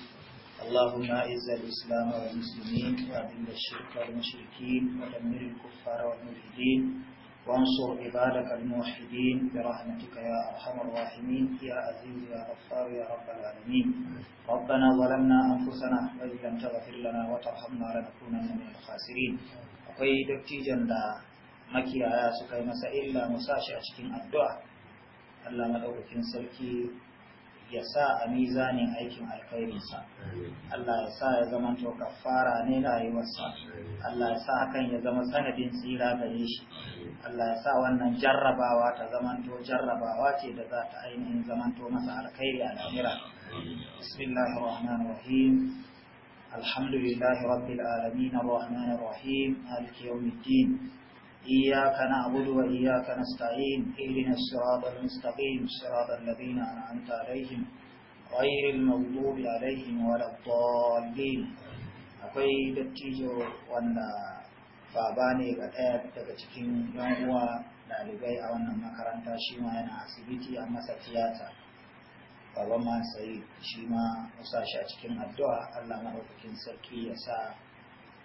اللهم اعز الاسلام والمسلمين واذل الشرك والمشركين ودمر الكفار والملحدين وانصر عبادك الموحدين برحمتك يا أرحم الراحمين يا عزيز يا غفار يا رب العالمين ربنا ظلمنا أنفسنا وإن لم تغفر لنا وترحمنا لنكونن من الخاسرين akwai dattijan da makiyaya suka yi masa illa musashi a cikin addu'a Allah maɗaukakin sarki ya sa a mizanin aikin alkhairinsa Allah ya sa ya zama to kafara ne rayuwarsa Allah ya sa hakan ya zama sanadin tsira gare shi Allah ya sa wannan jarrabawa ta zama to jarrabawa ce da za ta ainihin zama to masa alkhairi a lahira bismillahir rahmanir rahim alhamdulillahi rabbil alamin arrahmanir rahim maliki yawmiddin إياك نعبد وإياك نستعين اهدنا الصراط المستقيم صراط الذين أنعمت عليهم غير المغضوب عليهم ولا الضالين akwai dattijo wanda baba ne ga ɗaya daga cikin yan uwa ɗalibai a wannan makaranta shima yana asibiti a masa tiyata baba ma sai shi ma musa a cikin addu'a Allah maɗaukakin sarki ya sa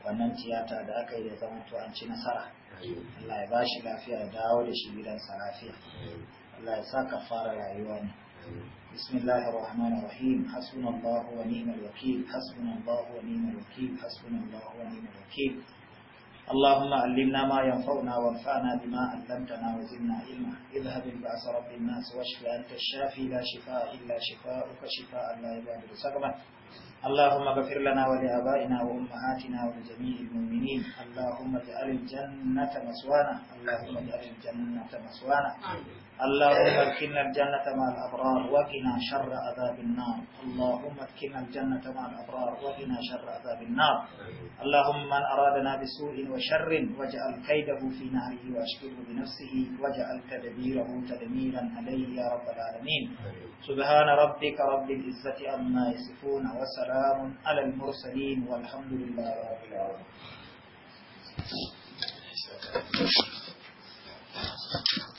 wannan tiyata da aka yi da zama to an ci nasara Allah ya bashi lafiya ya dawo da shi gidansa lafiya Allah ya sa ka fara rayuwa ne bismillahir rahmanir rahim hasbunallahu wa ni'mal wakeel hasbunallahu wa ni'mal wakeel hasbunallahu wa ni'mal wakeel Allahumma allimna ma yanfa'una wa anfa'na bima 'allamtana wa zidna ilma idhhab ba ba'sa rabbil nas washfi anta ash-shafi la shifaa illa shifaa'uka shifaa'an la ilaha illa anta اللهم اغفر لنا ولآبائنا وأمهاتنا ولجميع المؤمنين اللهم اجعل الجنة مسوانا اللهم اجعل الجنة مسوانا اللهم ادخلنا الجنة مع الأبرار وقنا شر عذاب النار اللهم ادخلنا الجنة مع الأبرار وقنا شر عذاب النار اللهم من أرادنا بسوء وشر واجعل كيده في ناره وأشكره بنفسه واجعل تدبيره تدميرا عليه يا رب العالمين سبحان ربك رب العزة عما يصفون وسلام على المرسلين والحمد لله رب العالمين